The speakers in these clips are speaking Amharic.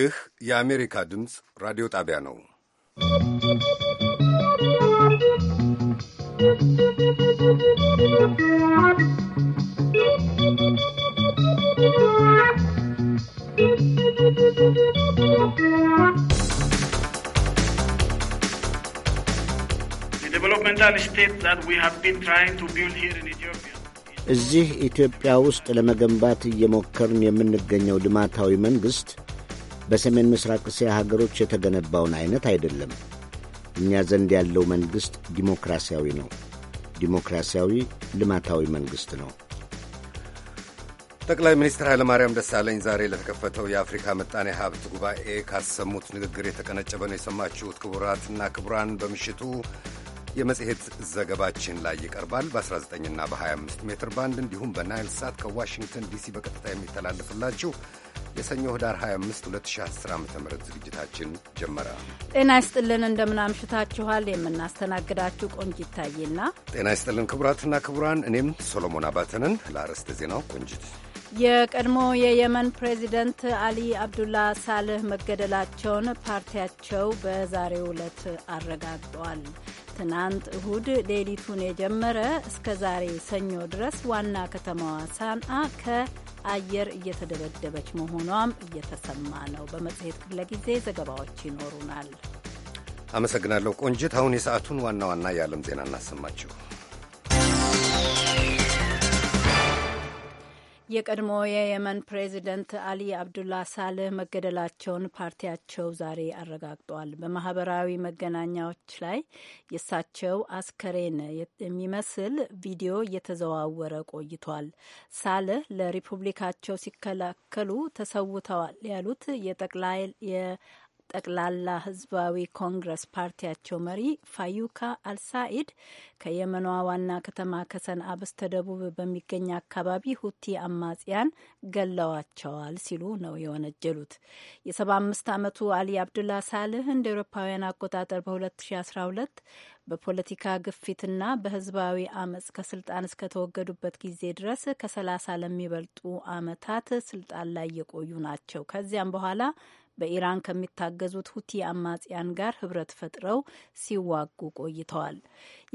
ይህ የአሜሪካ ድምፅ ራዲዮ ጣቢያ ነው። እዚህ ኢትዮጵያ ውስጥ ለመገንባት እየሞከርን የምንገኘው ልማታዊ መንግሥት በሰሜን ምስራቅ እስያ ሀገሮች የተገነባውን አይነት አይደለም። እኛ ዘንድ ያለው መንግሥት ዲሞክራሲያዊ ነው። ዲሞክራሲያዊ ልማታዊ መንግሥት ነው። ጠቅላይ ሚኒስትር ኃይለማርያም ደሳለኝ ዛሬ ለተከፈተው የአፍሪካ ምጣኔ ሀብት ጉባኤ ካሰሙት ንግግር የተቀነጨበ ነው የሰማችሁት። ክቡራትና ክቡራን በምሽቱ የመጽሔት ዘገባችን ላይ ይቀርባል። በ19ና በ25 ሜትር ባንድ እንዲሁም በናይል ሳት ከዋሽንግተን ዲሲ በቀጥታ የሚተላለፍላችሁ የሰኞ ህዳር 25 2010 ዓ ም ዝግጅታችን ጀመረ። ጤና ይስጥልን፣ እንደምናምሽታችኋል። የምናስተናግዳችሁ ቆንጂት ይታይና፣ ጤና ይስጥልን ክቡራትና ክቡራን፣ እኔም ሶሎሞን አባተንን። ለአርዕስተ ዜናው ቆንጂት የቀድሞ የየመን ፕሬዚደንት አሊ አብዱላ ሳልህ መገደላቸውን ፓርቲያቸው በዛሬው ዕለት አረጋግጧል። ትናንት እሁድ ሌሊቱን የጀመረ እስከ ዛሬ ሰኞ ድረስ ዋና ከተማዋ ሳንአ ከ አየር እየተደበደበች መሆኗም እየተሰማ ነው። በመጽሔት ክፍለ ጊዜ ዘገባዎች ይኖሩናል። አመሰግናለሁ ቆንጅት። አሁን የሰዓቱን ዋና ዋና የዓለም ዜና እናሰማችሁ። የቀድሞ የየመን ፕሬዚደንት አሊ አብዱላ ሳልህ መገደላቸውን ፓርቲያቸው ዛሬ አረጋግጧል። በማህበራዊ መገናኛዎች ላይ የእሳቸው አስከሬን የሚመስል ቪዲዮ እየተዘዋወረ ቆይቷል። ሳልህ ለሪፑብሊካቸው ሲከላከሉ ተሰውተዋል ያሉት የጠቅላይ ጠቅላላ ህዝባዊ ኮንግረስ ፓርቲያቸው መሪ ፋዩካ አልሳኢድ ከየመኗ ዋና ከተማ ከሰንአ በስተደቡብ በሚገኝ አካባቢ ሁቲ አማጽያን ገለዋቸዋል ሲሉ ነው የወነጀሉት። የሰባ አምስት ዓመቱ አሊ አብዱላ ሳልህ እንደ ኤሮፓውያን አቆጣጠር በ2012 በፖለቲካ ግፊትና በህዝባዊ አመፅ ከስልጣን እስከተወገዱበት ጊዜ ድረስ ከሰላሳ ለሚበልጡ አመታት ስልጣን ላይ የቆዩ ናቸው። ከዚያም በኋላ በኢራን ከሚታገዙት ሁቲ አማጽያን ጋር ህብረት ፈጥረው ሲዋጉ ቆይተዋል።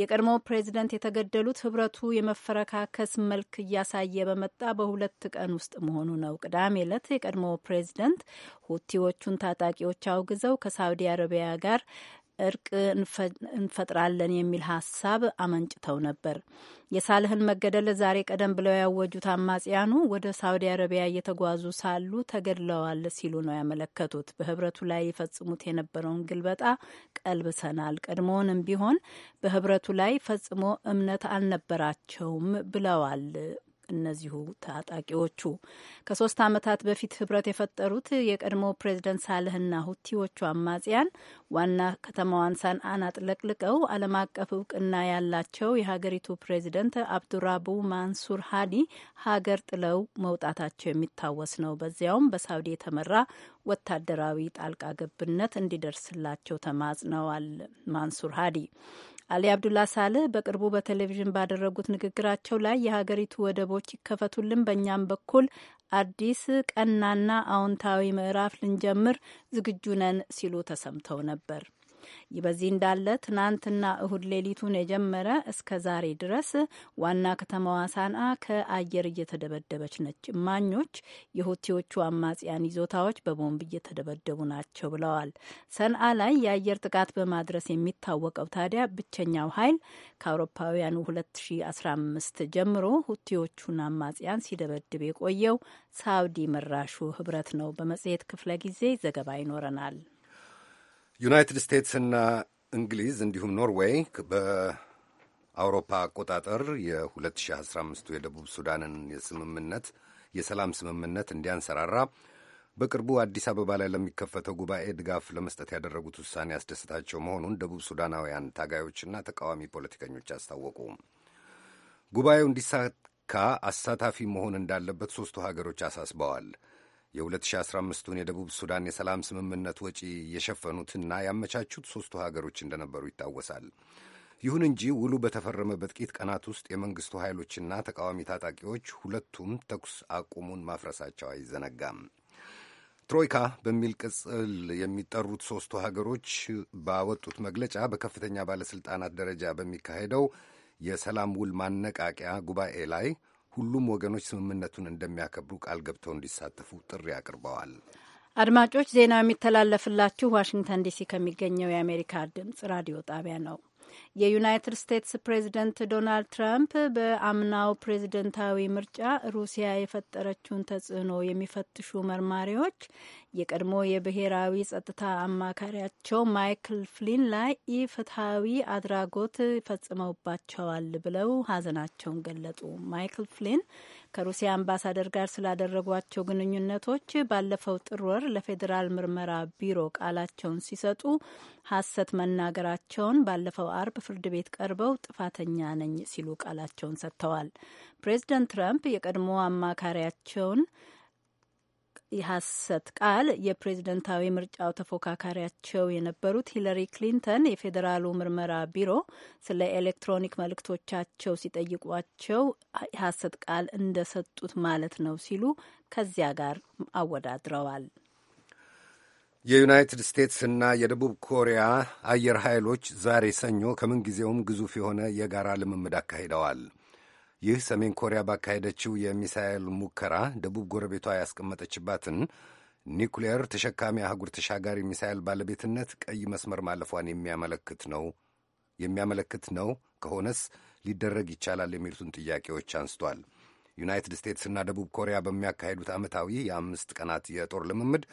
የቀድሞው ፕሬዚደንት የተገደሉት ህብረቱ የመፈረካከስ መልክ እያሳየ በመጣ በሁለት ቀን ውስጥ መሆኑ ነው። ቅዳሜ ዕለት የቀድሞው ፕሬዚደንት ሁቲዎቹን ታጣቂዎች አውግዘው ከሳውዲ አረቢያ ጋር እርቅ እንፈጥራለን የሚል ሀሳብ አመንጭተው ነበር። የሳልህን መገደል ዛሬ ቀደም ብለው ያወጁት አማጽያኑ ወደ ሳውዲ አረቢያ እየተጓዙ ሳሉ ተገድለዋል ሲሉ ነው ያመለከቱት። በህብረቱ ላይ ይፈጽሙት የነበረውን ግልበጣ ቀልብሰናል፣ ቀድሞውንም ቢሆን በህብረቱ ላይ ፈጽሞ እምነት አልነበራቸውም ብለዋል እነዚሁ ታጣቂዎቹ ከሶስት ዓመታት በፊት ህብረት የፈጠሩት የቀድሞ ፕሬዚደንት ሳልህና ሁቲዎቹ አማጽያን ዋና ከተማዋን ሳንአን አጥለቅልቀው ዓለም አቀፍ እውቅና ያላቸው የሀገሪቱ ፕሬዚደንት አብዱራቡ ማንሱር ሀዲ ሀገር ጥለው መውጣታቸው የሚታወስ ነው። በዚያውም በሳውዲ የተመራ ወታደራዊ ጣልቃ ገብነት እንዲደርስላቸው ተማጽነዋል። ማንሱር ሀዲ አሊ አብዱላ ሳልህ በቅርቡ በቴሌቪዥን ባደረጉት ንግግራቸው ላይ የሀገሪቱ ወደቦች ይከፈቱልን፣ በእኛም በኩል አዲስ ቀናና አዎንታዊ ምዕራፍ ልንጀምር ዝግጁ ነን ሲሉ ተሰምተው ነበር። ይህ በዚህ እንዳለ ትናንትና እሁድ ሌሊቱን የጀመረ እስከ ዛሬ ድረስ ዋና ከተማዋ ሳንአ ከአየር እየተደበደበች ነች። እማኞች የሁቲዎቹ አማጽያን ይዞታዎች በቦምብ እየተደበደቡ ናቸው ብለዋል። ሰንአ ላይ የአየር ጥቃት በማድረስ የሚታወቀው ታዲያ ብቸኛው ኃይል ከአውሮፓውያኑ 2015 ጀምሮ ሁቲዎቹን አማጽያን ሲደበድብ የቆየው ሳውዲ መራሹ ህብረት ነው። በመጽሔት ክፍለ ጊዜ ዘገባ ይኖረናል። ዩናይትድ ስቴትስና እንግሊዝ እንዲሁም ኖርዌይ በአውሮፓ አቆጣጠር የ2015 የደቡብ ሱዳንን የስምምነት የሰላም ስምምነት እንዲያንሰራራ በቅርቡ አዲስ አበባ ላይ ለሚከፈተው ጉባኤ ድጋፍ ለመስጠት ያደረጉት ውሳኔ ያስደሰታቸው መሆኑን ደቡብ ሱዳናውያን ታጋዮችና ተቃዋሚ ፖለቲከኞች አስታወቁ። ጉባኤው እንዲሳካ አሳታፊ መሆን እንዳለበት ሦስቱ ሀገሮች አሳስበዋል። የ2015ቱን የደቡብ ሱዳን የሰላም ስምምነት ወጪ የሸፈኑትና ያመቻቹት ሦስቱ ሀገሮች እንደነበሩ ይታወሳል። ይሁን እንጂ ውሉ በተፈረመ በጥቂት ቀናት ውስጥ የመንግሥቱ ኃይሎችና ተቃዋሚ ታጣቂዎች ሁለቱም ተኩስ አቁሙን ማፍረሳቸው አይዘነጋም። ትሮይካ በሚል ቅጽል የሚጠሩት ሦስቱ ሀገሮች ባወጡት መግለጫ በከፍተኛ ባለሥልጣናት ደረጃ በሚካሄደው የሰላም ውል ማነቃቂያ ጉባኤ ላይ ሁሉም ወገኖች ስምምነቱን እንደሚያከብሩ ቃል ገብተው እንዲሳተፉ ጥሪ አቅርበዋል። አድማጮች ዜናው የሚተላለፍላችሁ ዋሽንግተን ዲሲ ከሚገኘው የአሜሪካ ድምጽ ራዲዮ ጣቢያ ነው። የዩናይትድ ስቴትስ ፕሬዚደንት ዶናልድ ትራምፕ በአምናው ፕሬዚደንታዊ ምርጫ ሩሲያ የፈጠረችውን ተጽዕኖ የሚፈትሹ መርማሪዎች የቀድሞ የብሔራዊ ጸጥታ አማካሪያቸው ማይክል ፍሊን ላይ ኢፍትሐዊ አድራጎት ፈጽመውባቸዋል ብለው ሀዘናቸውን ገለጡ። ማይክል ፍሊን ከሩሲያ አምባሳደር ጋር ስላደረጓቸው ግንኙነቶች ባለፈው ጥር ወር ለፌዴራል ምርመራ ቢሮ ቃላቸውን ሲሰጡ ሐሰት መናገራቸውን ባለፈው አርብ ፍርድ ቤት ቀርበው ጥፋተኛ ነኝ ሲሉ ቃላቸውን ሰጥተዋል። ፕሬዚደንት ትራምፕ የቀድሞ አማካሪያቸውን የሐሰት ቃል የፕሬዝደንታዊ ምርጫው ተፎካካሪያቸው የነበሩት ሂለሪ ክሊንተን የፌዴራሉ ምርመራ ቢሮ ስለ ኤሌክትሮኒክ መልእክቶቻቸው ሲጠይቋቸው የሐሰት ቃል እንደሰጡት ማለት ነው ሲሉ ከዚያ ጋር አወዳድረዋል። የዩናይትድ ስቴትስና የደቡብ ኮሪያ አየር ኃይሎች ዛሬ ሰኞ ከምንጊዜውም ግዙፍ የሆነ የጋራ ልምምድ አካሂደዋል። ይህ ሰሜን ኮሪያ ባካሄደችው የሚሳኤል ሙከራ ደቡብ ጎረቤቷ ያስቀመጠችባትን ኒኩሌር ተሸካሚ አህጉር ተሻጋሪ ሚሳኤል ባለቤትነት ቀይ መስመር ማለፏን የሚያመለክት ነው የሚያመለክት ነው ከሆነስ ሊደረግ ይቻላል የሚሉትን ጥያቄዎች አንስቷል። ዩናይትድ ስቴትስና ደቡብ ኮሪያ በሚያካሄዱት ዓመታዊ የአምስት ቀናት የጦር ልምምድ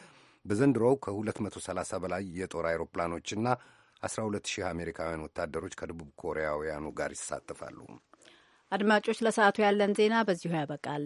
በዘንድሮው ከ230 በላይ የጦር አይሮፕላኖችና 12000 አሜሪካውያን ወታደሮች ከደቡብ ኮሪያውያኑ ጋር ይሳተፋሉ። አድማጮች፣ ለሰዓቱ ያለን ዜና በዚሁ ያበቃል።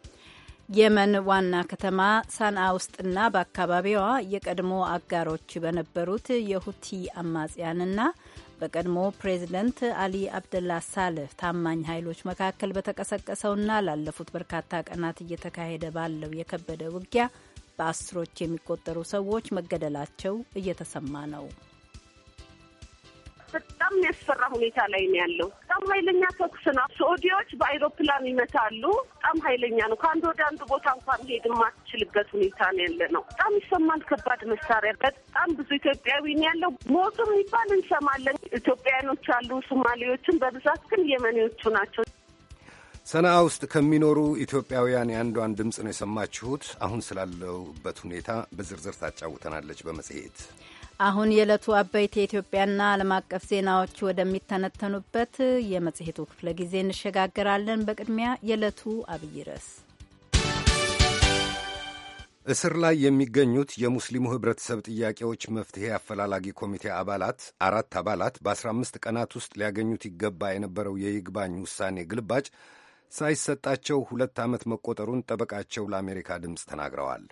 የመን ዋና ከተማ ሳንአ ውስጥና በአካባቢዋ የቀድሞ አጋሮች በነበሩት የሁቲ አማጽያንና በቀድሞ ፕሬዚደንት አሊ አብደላ ሳልህ ታማኝ ኃይሎች መካከል በተቀሰቀሰውና ላለፉት በርካታ ቀናት እየተካሄደ ባለው የከበደ ውጊያ በአስሮች የሚቆጠሩ ሰዎች መገደላቸው እየተሰማ ነው። በጣም የሚያስፈራ ሁኔታ ላይ ነው ያለው። በጣም ኃይለኛ ተኩስ ነው። ሳዑዲዎች በአይሮፕላን ይመታሉ። በጣም ኃይለኛ ነው። ከአንድ ወደ አንዱ ቦታ እንኳን ሄድ የማትችልበት ሁኔታ ነው ያለ ነው። በጣም ይሰማል። ከባድ መሳሪያ በጣም ብዙ ኢትዮጵያዊ ነው ያለው። ሞቱ የሚባል እንሰማለን። ኢትዮጵያያኖች አሉ፣ ሶማሌዎችን በብዛት ግን የመኔዎቹ ናቸው። ሰነአ ውስጥ ከሚኖሩ ኢትዮጵያውያን የአንዷን ድምፅ ነው የሰማችሁት። አሁን ስላለውበት ሁኔታ በዝርዝር ታጫውተናለች በመጽሔት አሁን የዕለቱ አበይት የኢትዮጵያና ዓለም አቀፍ ዜናዎች ወደሚተነተኑበት የመጽሔቱ ክፍለ ጊዜ እንሸጋገራለን። በቅድሚያ የዕለቱ አብይ ርዕስ እስር ላይ የሚገኙት የሙስሊሙ ህብረተሰብ ጥያቄዎች መፍትሄ አፈላላጊ ኮሚቴ አባላት አራት አባላት በ15 ቀናት ውስጥ ሊያገኙት ይገባ የነበረው የይግባኝ ውሳኔ ግልባጭ ሳይሰጣቸው ሁለት ዓመት መቆጠሩን ጠበቃቸው ለአሜሪካ ድምፅ ተናግረዋል።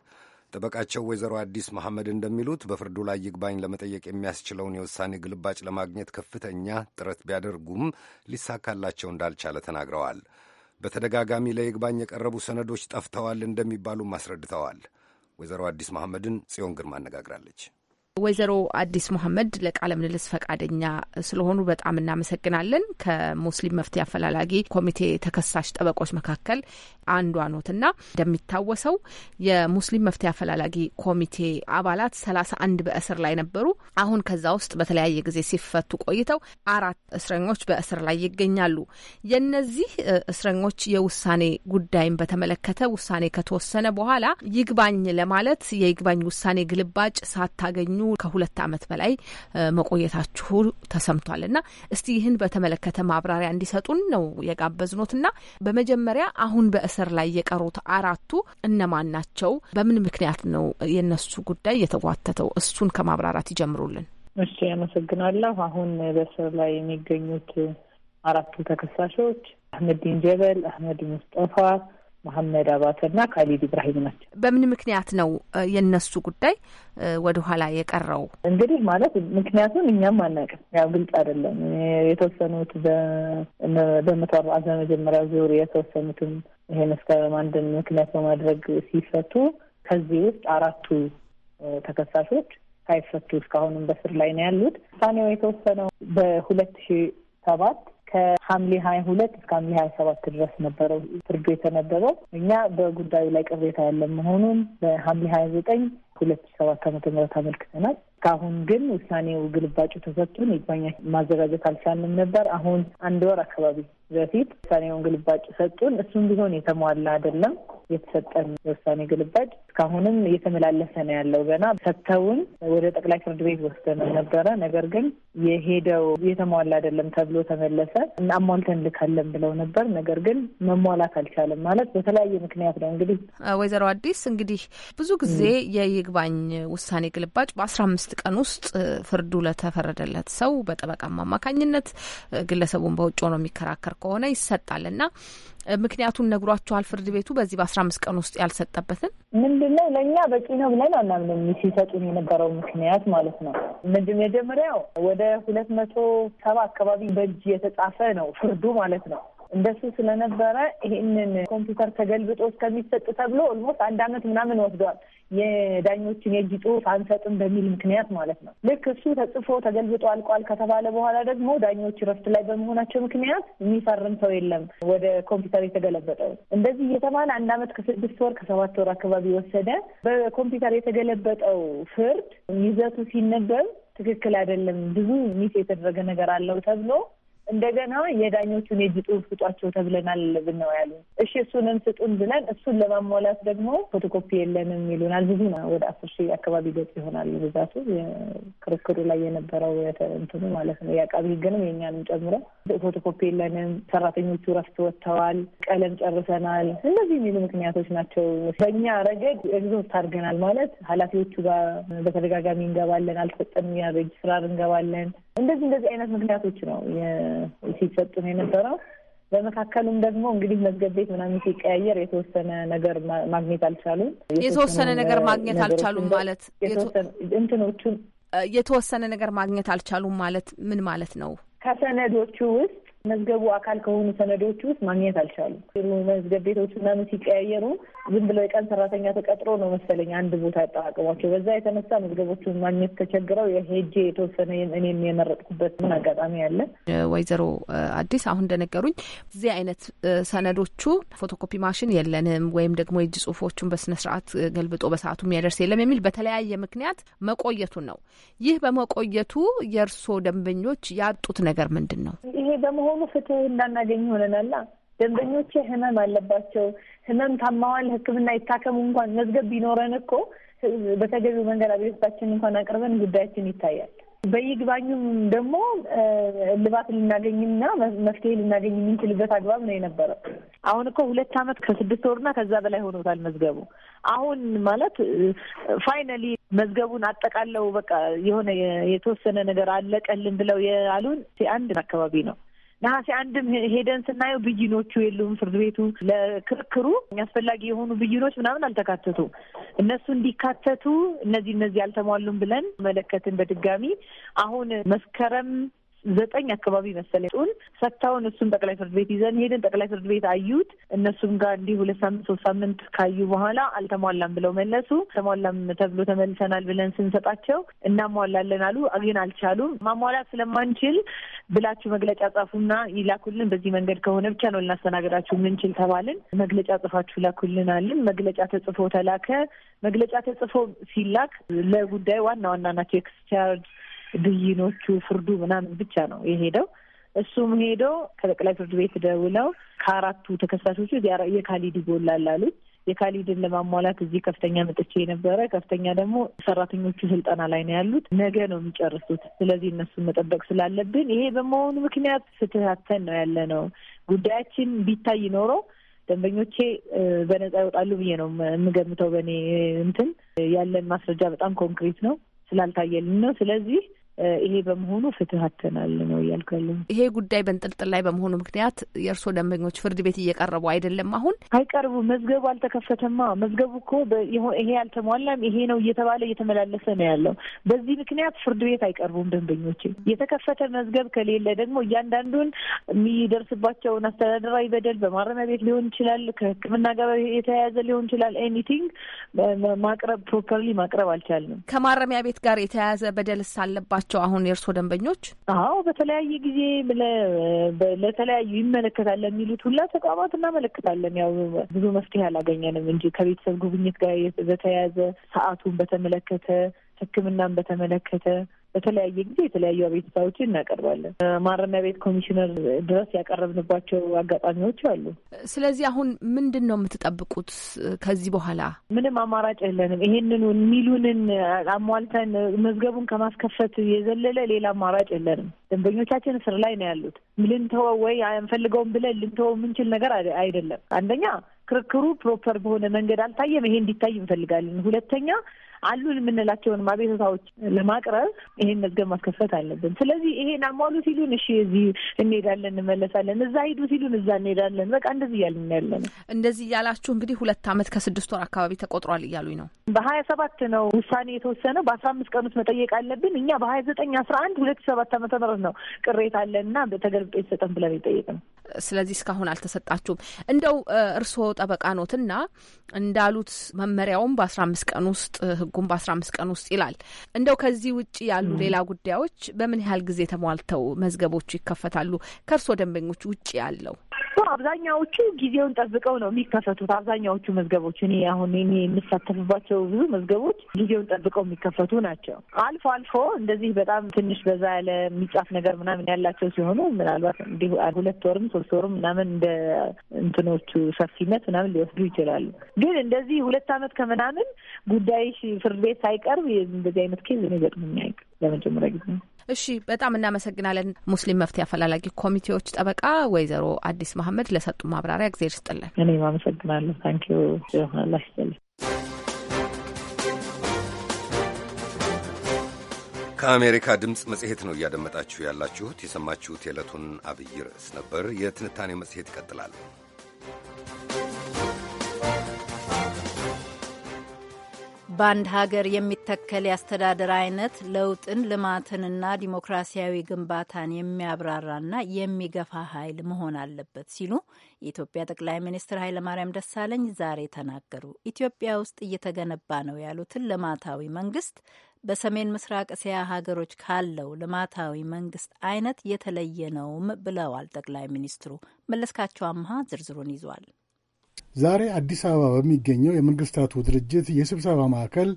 ጠበቃቸው ወይዘሮ አዲስ መሐመድ እንደሚሉት በፍርዱ ላይ ይግባኝ ለመጠየቅ የሚያስችለውን የውሳኔ ግልባጭ ለማግኘት ከፍተኛ ጥረት ቢያደርጉም ሊሳካላቸው እንዳልቻለ ተናግረዋል። በተደጋጋሚ ለይግባኝ የቀረቡ ሰነዶች ጠፍተዋል እንደሚባሉም አስረድተዋል። ወይዘሮ አዲስ መሐመድን ጽዮን ግርማ አነጋግራለች። ወይዘሮ አዲስ መሐመድ ለቃለ ምልልስ ፈቃደኛ ስለሆኑ በጣም እናመሰግናለን። ከሙስሊም መፍትሄ አፈላላጊ ኮሚቴ ተከሳሽ ጠበቆች መካከል አንዷ ኖትና እንደሚታወሰው የሙስሊም መፍትሄ አፈላላጊ ኮሚቴ አባላት ሰላሳ አንድ በእስር ላይ ነበሩ። አሁን ከዛ ውስጥ በተለያየ ጊዜ ሲፈቱ ቆይተው አራት እስረኞች በእስር ላይ ይገኛሉ። የነዚህ እስረኞች የውሳኔ ጉዳይን በተመለከተ ውሳኔ ከተወሰነ በኋላ ይግባኝ ለማለት የይግባኝ ውሳኔ ግልባጭ ሳታገኙ ከሁለት ዓመት በላይ መቆየታችሁ ተሰምቷል እና እስቲ ይህን በተመለከተ ማብራሪያ እንዲሰጡን ነው የጋበዝኖት እና በመጀመሪያ አሁን በእስር ላይ የቀሩት አራቱ እነማን ናቸው? በምን ምክንያት ነው የነሱ ጉዳይ የተጓተተው? እሱን ከማብራራት ይጀምሩልን። እሺ፣ አመሰግናለሁ። አሁን በእስር ላይ የሚገኙት አራቱ ተከሳሾች አህመዲን ጀበል፣ አህመድ ሙስጠፋ መሐመድ አባተና ካሊድ ኢብራሂም ናቸው። በምን ምክንያት ነው የነሱ ጉዳይ ወደኋላ የቀረው? እንግዲህ ማለት ምክንያቱን እኛም አናውቅም፣ ያው ግልጽ አይደለም። የተወሰኑት በመቶ አርባ በመጀመሪያ ዙር የተወሰኑትም ይሄን እስከ አንድን ምክንያት በማድረግ ሲፈቱ ከዚህ ውስጥ አራቱ ተከሳሾች ሳይፈቱ እስካሁንም በስር ላይ ነው ያሉት። ውሳኔው የተወሰነው በሁለት ሺህ ሰባት ከሐምሌ ሀያ ሁለት እስከ ሐምሌ ሀያ ሰባት ድረስ ነበረው ፍርዱ የተነበበው። እኛ በጉዳዩ ላይ ቅሬታ ያለ መሆኑን በሐምሌ ሀያ ዘጠኝ ሁለት ሺ ሰባት ዓመተ ምህረት አመልክተናል። እስካሁን ግን ውሳኔው ግልባጩ ተሰጥቶን ይግባኝ ማዘጋጀት አልቻልንም ነበር። አሁን አንድ ወር አካባቢ በፊት ውሳኔውን ግልባጭ ሰጡን። እሱም ቢሆን የተሟላ አይደለም የተሰጠን ውሳኔ ግልባጭ እስካሁንም እየተመላለሰ ነው ያለው። ገና ሰጥተውን ወደ ጠቅላይ ፍርድ ቤት ወስደን ነበረ። ነገር ግን የሄደው የተሟላ አይደለም ተብሎ ተመለሰ እና አሟልተን ልካለን ብለው ነበር። ነገር ግን መሟላት አልቻለም ማለት በተለያየ ምክንያት ነው። እንግዲህ ወይዘሮ አዲስ እንግዲህ ብዙ ጊዜ የይግባኝ ውሳኔ ግልባጭ በአስራ አምስት ቀን ውስጥ ፍርዱ ለተፈረደለት ሰው በጠበቃም አማካኝነት ግለሰቡን በውጭ ሆኖ የሚከራከር ከሆነ ይሰጣል እና ምክንያቱን ነግሯቸዋል ፍርድ ቤቱ በዚህ በአስራ አምስት ቀን ውስጥ ያልሰጠበትን ምንድን ነው ለእኛ በቂ ነው ብለን አናምንም። ሲሰጡን የነበረው ምክንያት ማለት ነው ምንድን ነው ወደ ሁለት መቶ ሰባ አካባቢ በእጅ የተጻፈ ነው ፍርዱ ማለት ነው እንደሱ ስለነበረ ይህንን ኮምፒውተር ተገልብጦ እስከሚሰጥ ተብሎ ኦልሞስት አንድ አመት ምናምን ወስዷል። የዳኞችን የእጅ ጽሁፍ አንሰጥም በሚል ምክንያት ማለት ነው። ልክ እሱ ተጽፎ ተገልብጦ አልቋል ከተባለ በኋላ ደግሞ ዳኞች ረፍት ላይ በመሆናቸው ምክንያት የሚፈርም ሰው የለም ወደ ኮምፒውተር የተገለበጠው። እንደዚህ እየተባለ አንድ አመት ከስድስት ወር ከሰባት ወር አካባቢ ወሰደ። በኮምፒውተር የተገለበጠው ፍርድ ይዘቱ ሲነበብ ትክክል አይደለም፣ ብዙ ሚስ የተደረገ ነገር አለው ተብሎ እንደገና የዳኞቹን የእጅ ጽሑፍ ስጧቸው ተብለናል ብነው ያሉ። እሺ እሱንም ስጡን ብለን እሱን ለማሟላት ደግሞ ፎቶኮፒ የለንም ይሉናል። ብዙ ነው፣ ወደ አስር ሺህ አካባቢ ገጽ ይሆናል ብዛቱ ክርክሩ ላይ የነበረው እንትኑ ማለት ነው። የአቃቢ ሕግንም የእኛንም ጨምሮ ፎቶኮፒ የለንም፣ ሰራተኞቹ ረፍት ወጥተዋል፣ ቀለም ጨርሰናል። እነዚህ የሚሉ ምክንያቶች ናቸው። በእኛ ረገድ ኤግዞስት አድርገናል ማለት ሀላፊዎቹ ጋር በተደጋጋሚ እንገባለን፣ አልተሰጠንም ያሉ ሬጅስትራር እንገባለን። እንደዚህ እንደዚህ አይነት ምክንያቶች ነው ሲሰጡ ነው የነበረው። በመካከሉም ደግሞ እንግዲህ መዝገብ ቤት ምናምን ሲቀያየር የተወሰነ ነገር ማግኘት አልቻሉም። የተወሰነ ነገር ማግኘት አልቻሉም ማለት እንትኖቹን የተወሰነ ነገር ማግኘት አልቻሉም ማለት ምን ማለት ነው? ከሰነዶቹ ውስጥ መዝገቡ አካል ከሆኑ ሰነዶች ውስጥ ማግኘት አልቻሉም። መዝገብ ቤቶች ምናምን ሲቀያየሩ ዝም ብለው የቀን ሰራተኛ ተቀጥሮ ነው መሰለኝ አንድ ቦታ ያጠራቅሟቸው። በዛ የተነሳ መዝገቦቹን ማግኘት ተቸግረው የሄጄ የተወሰነ እኔም የመረጥኩበት ምን አጋጣሚ አለ። ወይዘሮ አዲስ አሁን እንደነገሩኝ እዚህ አይነት ሰነዶቹ ፎቶኮፒ ማሽን የለንም ወይም ደግሞ የእጅ ጽሁፎቹን በስነ ስርዓት ገልብጦ በሰዓቱ የሚያደርስ የለም የሚል በተለያየ ምክንያት መቆየቱን ነው። ይህ በመቆየቱ የእርስዎ ደንበኞች ያጡት ነገር ምንድን ነው? ይሄ በመሆ ከሆኑ ፍትህ እንዳናገኝ ይሆነናላ። ደንበኞቼ ህመም አለባቸው፣ ህመም ታማዋል፣ ህክምና ይታከሙ እንኳን መዝገብ ቢኖረን እኮ በተገቢው መንገድ አቤቱታችን እንኳን አቅርበን ጉዳያችን ይታያል። በይግባኙም ደግሞ እልባት ልናገኝና መፍትሄ ልናገኝ የምንችልበት አግባብ ነው የነበረው። አሁን እኮ ሁለት ዓመት ከስድስት ወርና ከዛ በላይ ሆኖታል መዝገቡ። አሁን ማለት ፋይናሊ መዝገቡን አጠቃለው በቃ የሆነ የተወሰነ ነገር አለቀልን ብለው ያሉን አንድ አካባቢ ነው። ነሐሴ አንድም ሄደን ስናየው ብይኖቹ የሉም። ፍርድ ቤቱ ለክርክሩ አስፈላጊ የሆኑ ብይኖች ምናምን አልተካተቱ። እነሱ እንዲካተቱ እነዚህ እነዚህ አልተሟሉም ብለን መለከትን በድጋሚ አሁን መስከረም ዘጠኝ አካባቢ መሰለኝ ጡን ፈታውን እሱን ጠቅላይ ፍርድ ቤት ይዘን ሄድን። ጠቅላይ ፍርድ ቤት አዩት። እነሱም ጋር እንዲህ ሁለት ሳምንት ሶስት ሳምንት ካዩ በኋላ አልተሟላም ብለው መለሱ። ተሟላም ተብሎ ተመልሰናል ብለን ስንሰጣቸው እናሟላለን አሉ። ግን አልቻሉም። ማሟላት ስለማንችል ብላችሁ መግለጫ ጻፉና ይላኩልን። በዚህ መንገድ ከሆነ ብቻ ነው ልናስተናግዳችሁ ምንችል ተባልን። መግለጫ ጽፋችሁ ላኩልን አልን። መግለጫ ተጽፎ ተላከ። መግለጫ ተጽፎ ሲላክ ለጉዳይ ዋና ዋና ናቸው ኤክስቻርጅ ብይኖቹ ፍርዱ ምናምን ብቻ ነው የሄደው። እሱም ሄዶ ከጠቅላይ ፍርድ ቤት ደውለው ከአራቱ ተከሳሾቹ የካሊድ ይጎላል አሉ። የካሊድን ለማሟላት እዚህ ከፍተኛ መጥቼ የነበረ ከፍተኛ ደግሞ ሰራተኞቹ ስልጠና ላይ ነው ያሉት፣ ነገ ነው የሚጨርሱት። ስለዚህ እነሱን መጠበቅ ስላለብን ይሄ በመሆኑ ምክንያት ስትታተን ነው ያለ ነው። ጉዳያችን ቢታይ ኖሮ ደንበኞቼ በነጻ ይወጣሉ ብዬ ነው የምገምተው። በእኔ እንትን ያለን ማስረጃ በጣም ኮንክሪት ነው፣ ስላልታየልን ነው። ስለዚህ ይሄ በመሆኑ ፍትህ አተናል ነው እያልኩ ይሄ ጉዳይ በንጥልጥል ላይ በመሆኑ ምክንያት የእርስዎ ደንበኞች ፍርድ ቤት እየቀረቡ አይደለም? አሁን አይቀርቡ። መዝገቡ አልተከፈተማ። መዝገቡ እኮ ይሄ አልተሟላም፣ ይሄ ነው እየተባለ እየተመላለሰ ነው ያለው። በዚህ ምክንያት ፍርድ ቤት አይቀርቡም ደንበኞች። የተከፈተ መዝገብ ከሌለ ደግሞ እያንዳንዱን የሚደርስባቸውን አስተዳደራዊ በደል በማረሚያ ቤት ሊሆን ይችላል፣ ከህክምና ጋር የተያያዘ ሊሆን ይችላል። ኤኒቲንግ ማቅረብ ፕሮፐርሊ ማቅረብ አልቻልንም። ከማረሚያ ቤት ጋር የተያያዘ በደልስ አለባቸው ናቸው አሁን የእርስዎ ደንበኞች? አዎ በተለያየ ጊዜ ለተለያዩ ይመለከታል ለሚሉት ሁላ ተቋማት እናመለክታለን። ያው ብዙ መፍትሄ አላገኘንም እንጂ ከቤተሰብ ጉብኝት ጋር በተያያዘ ሰዓቱን በተመለከተ ሕክምናን በተመለከተ በተለያየ ጊዜ የተለያዩ አቤቱታዎችን እናቀርባለን። ማረሚያ ቤት ኮሚሽነር ድረስ ያቀረብንባቸው አጋጣሚዎች አሉ። ስለዚህ አሁን ምንድን ነው የምትጠብቁት? ከዚህ በኋላ ምንም አማራጭ የለንም። ይሄንኑ የሚሉንን አሟልተን መዝገቡን ከማስከፈት የዘለለ ሌላ አማራጭ የለንም። ደንበኞቻችን ስር ላይ ነው ያሉት። ልንተወው ወይ አንፈልገውም ብለን ልንተወው የምንችል ነገር አይደለም። አንደኛ ክርክሩ ፕሮፐር በሆነ መንገድ አልታየም። ይሄ እንዲታይ እንፈልጋለን። ሁለተኛ አሉን የምንላቸውን ማቤተታዎች ለማቅረብ ይሄን መዝገብ ማስከፈት አለብን። ስለዚህ ይሄን አሟሉ ሲሉን እሺ እዚህ እንሄዳለን እንመለሳለን፣ እዛ ሂዱ ሲሉን እዛ እንሄዳለን። በቃ እንደዚህ እያልን ያለ ነው። እንደዚህ እያላችሁ እንግዲህ ሁለት አመት ከስድስት ወር አካባቢ ተቆጥሯል እያሉኝ ነው። በሀያ ሰባት ነው ውሳኔ የተወሰነው። በአስራ አምስት ቀን ውስጥ መጠየቅ አለብን እኛ በሀያ ዘጠኝ አስራ አንድ ሁለት ሰባት አመተ ምህረት ነው ቅሬታ አለን እና ተገልብጦ የተሰጠን ብለን የጠየቅ ነው። ስለዚህ እስካሁን አልተሰጣችሁም። እንደው እርስዎ ጠበቃ ኖትና እንዳሉት መመሪያውም በአስራ አምስት ቀን ውስጥ አይዘጉም በአስራ አምስት ቀን ውስጥ ይላል። እንደው ከዚህ ውጭ ያሉ ሌላ ጉዳዮች በምን ያህል ጊዜ ተሟልተው መዝገቦቹ ይከፈታሉ? ከእርስዎ ደንበኞች ውጭ ያለው አብዛኛዎቹ ጊዜውን ጠብቀው ነው የሚከፈቱት። አብዛኛዎቹ መዝገቦች እኔ አሁን እኔ የምሳተፍባቸው ብዙ መዝገቦች ጊዜውን ጠብቀው የሚከፈቱ ናቸው። አልፎ አልፎ እንደዚህ በጣም ትንሽ በዛ ያለ የሚጻፍ ነገር ምናምን ያላቸው ሲሆኑ ምናልባት እንዲሁ ሁለት ወርም ሶስት ወርም ምናምን እንደ እንትኖቹ ሰፊነት ምናምን ሊወስዱ ይችላሉ። ግን እንደዚህ ሁለት አመት ከምናምን ጉዳይ ፍርድ ቤት ሳይቀርብ እንደዚህ አይነት ኬዝ እኔ ገጥሞኝ አይቀር ለመጀመሪያ ጊዜ ነው። እሺ፣ በጣም እናመሰግናለን። ሙስሊም መፍትሄ አፈላላጊ ኮሚቴዎች ጠበቃ ወይዘሮ አዲስ መሀመድ ለሰጡ ማብራሪያ ጊዜ ይስጥልን። እኔም አመሰግናለሁ። ታንኪዩ ላ ከአሜሪካ ድምፅ መጽሔት ነው እያደመጣችሁ ያላችሁት። የሰማችሁት የዕለቱን አብይ ርዕስ ነበር። የትንታኔ መጽሔት ይቀጥላል። በአንድ ሀገር የሚተከል የአስተዳደር አይነት ለውጥን ልማትንና ዲሞክራሲያዊ ግንባታን የሚያብራራና የሚገፋ ኃይል መሆን አለበት ሲሉ የኢትዮጵያ ጠቅላይ ሚኒስትር ኃይለማርያም ደሳለኝ ዛሬ ተናገሩ። ኢትዮጵያ ውስጥ እየተገነባ ነው ያሉትን ልማታዊ መንግስት በሰሜን ምስራቅ እስያ ሀገሮች ካለው ልማታዊ መንግስት አይነት የተለየ ነውም ብለዋል ጠቅላይ ሚኒስትሩ። መለስካቸው አምሃ ዝርዝሩን ይዟል። ዛሬ አዲስ አበባ በሚገኘው የመንግስታቱ ድርጅት የስብሰባ ማዕከል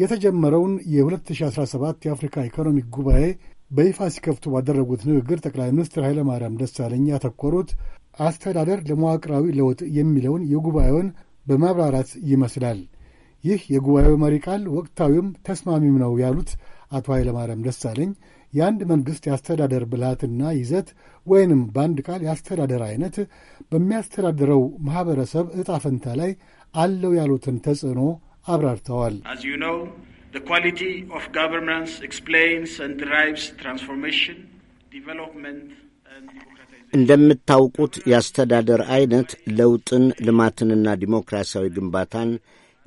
የተጀመረውን የ2017 የአፍሪካ ኢኮኖሚክ ጉባኤ በይፋ ሲከፍቱ ባደረጉት ንግግር ጠቅላይ ሚኒስትር ኃይለማርያም ደሳለኝ ያተኮሩት አስተዳደር ለመዋቅራዊ ለውጥ የሚለውን የጉባኤውን በማብራራት ይመስላል። ይህ የጉባኤው መሪ ቃል ወቅታዊም ተስማሚም ነው ያሉት አቶ ኃይለማርያም ደሳለኝ የአንድ መንግሥት የአስተዳደር ብልሃትና ይዘት ወይንም በአንድ ቃል የአስተዳደር አይነት በሚያስተዳድረው ማኅበረሰብ ዕጣ ፈንታ ላይ አለው ያሉትን ተጽዕኖ አብራርተዋል። እንደምታውቁት የአስተዳደር ዐይነት ለውጥን ልማትንና ዲሞክራሲያዊ ግንባታን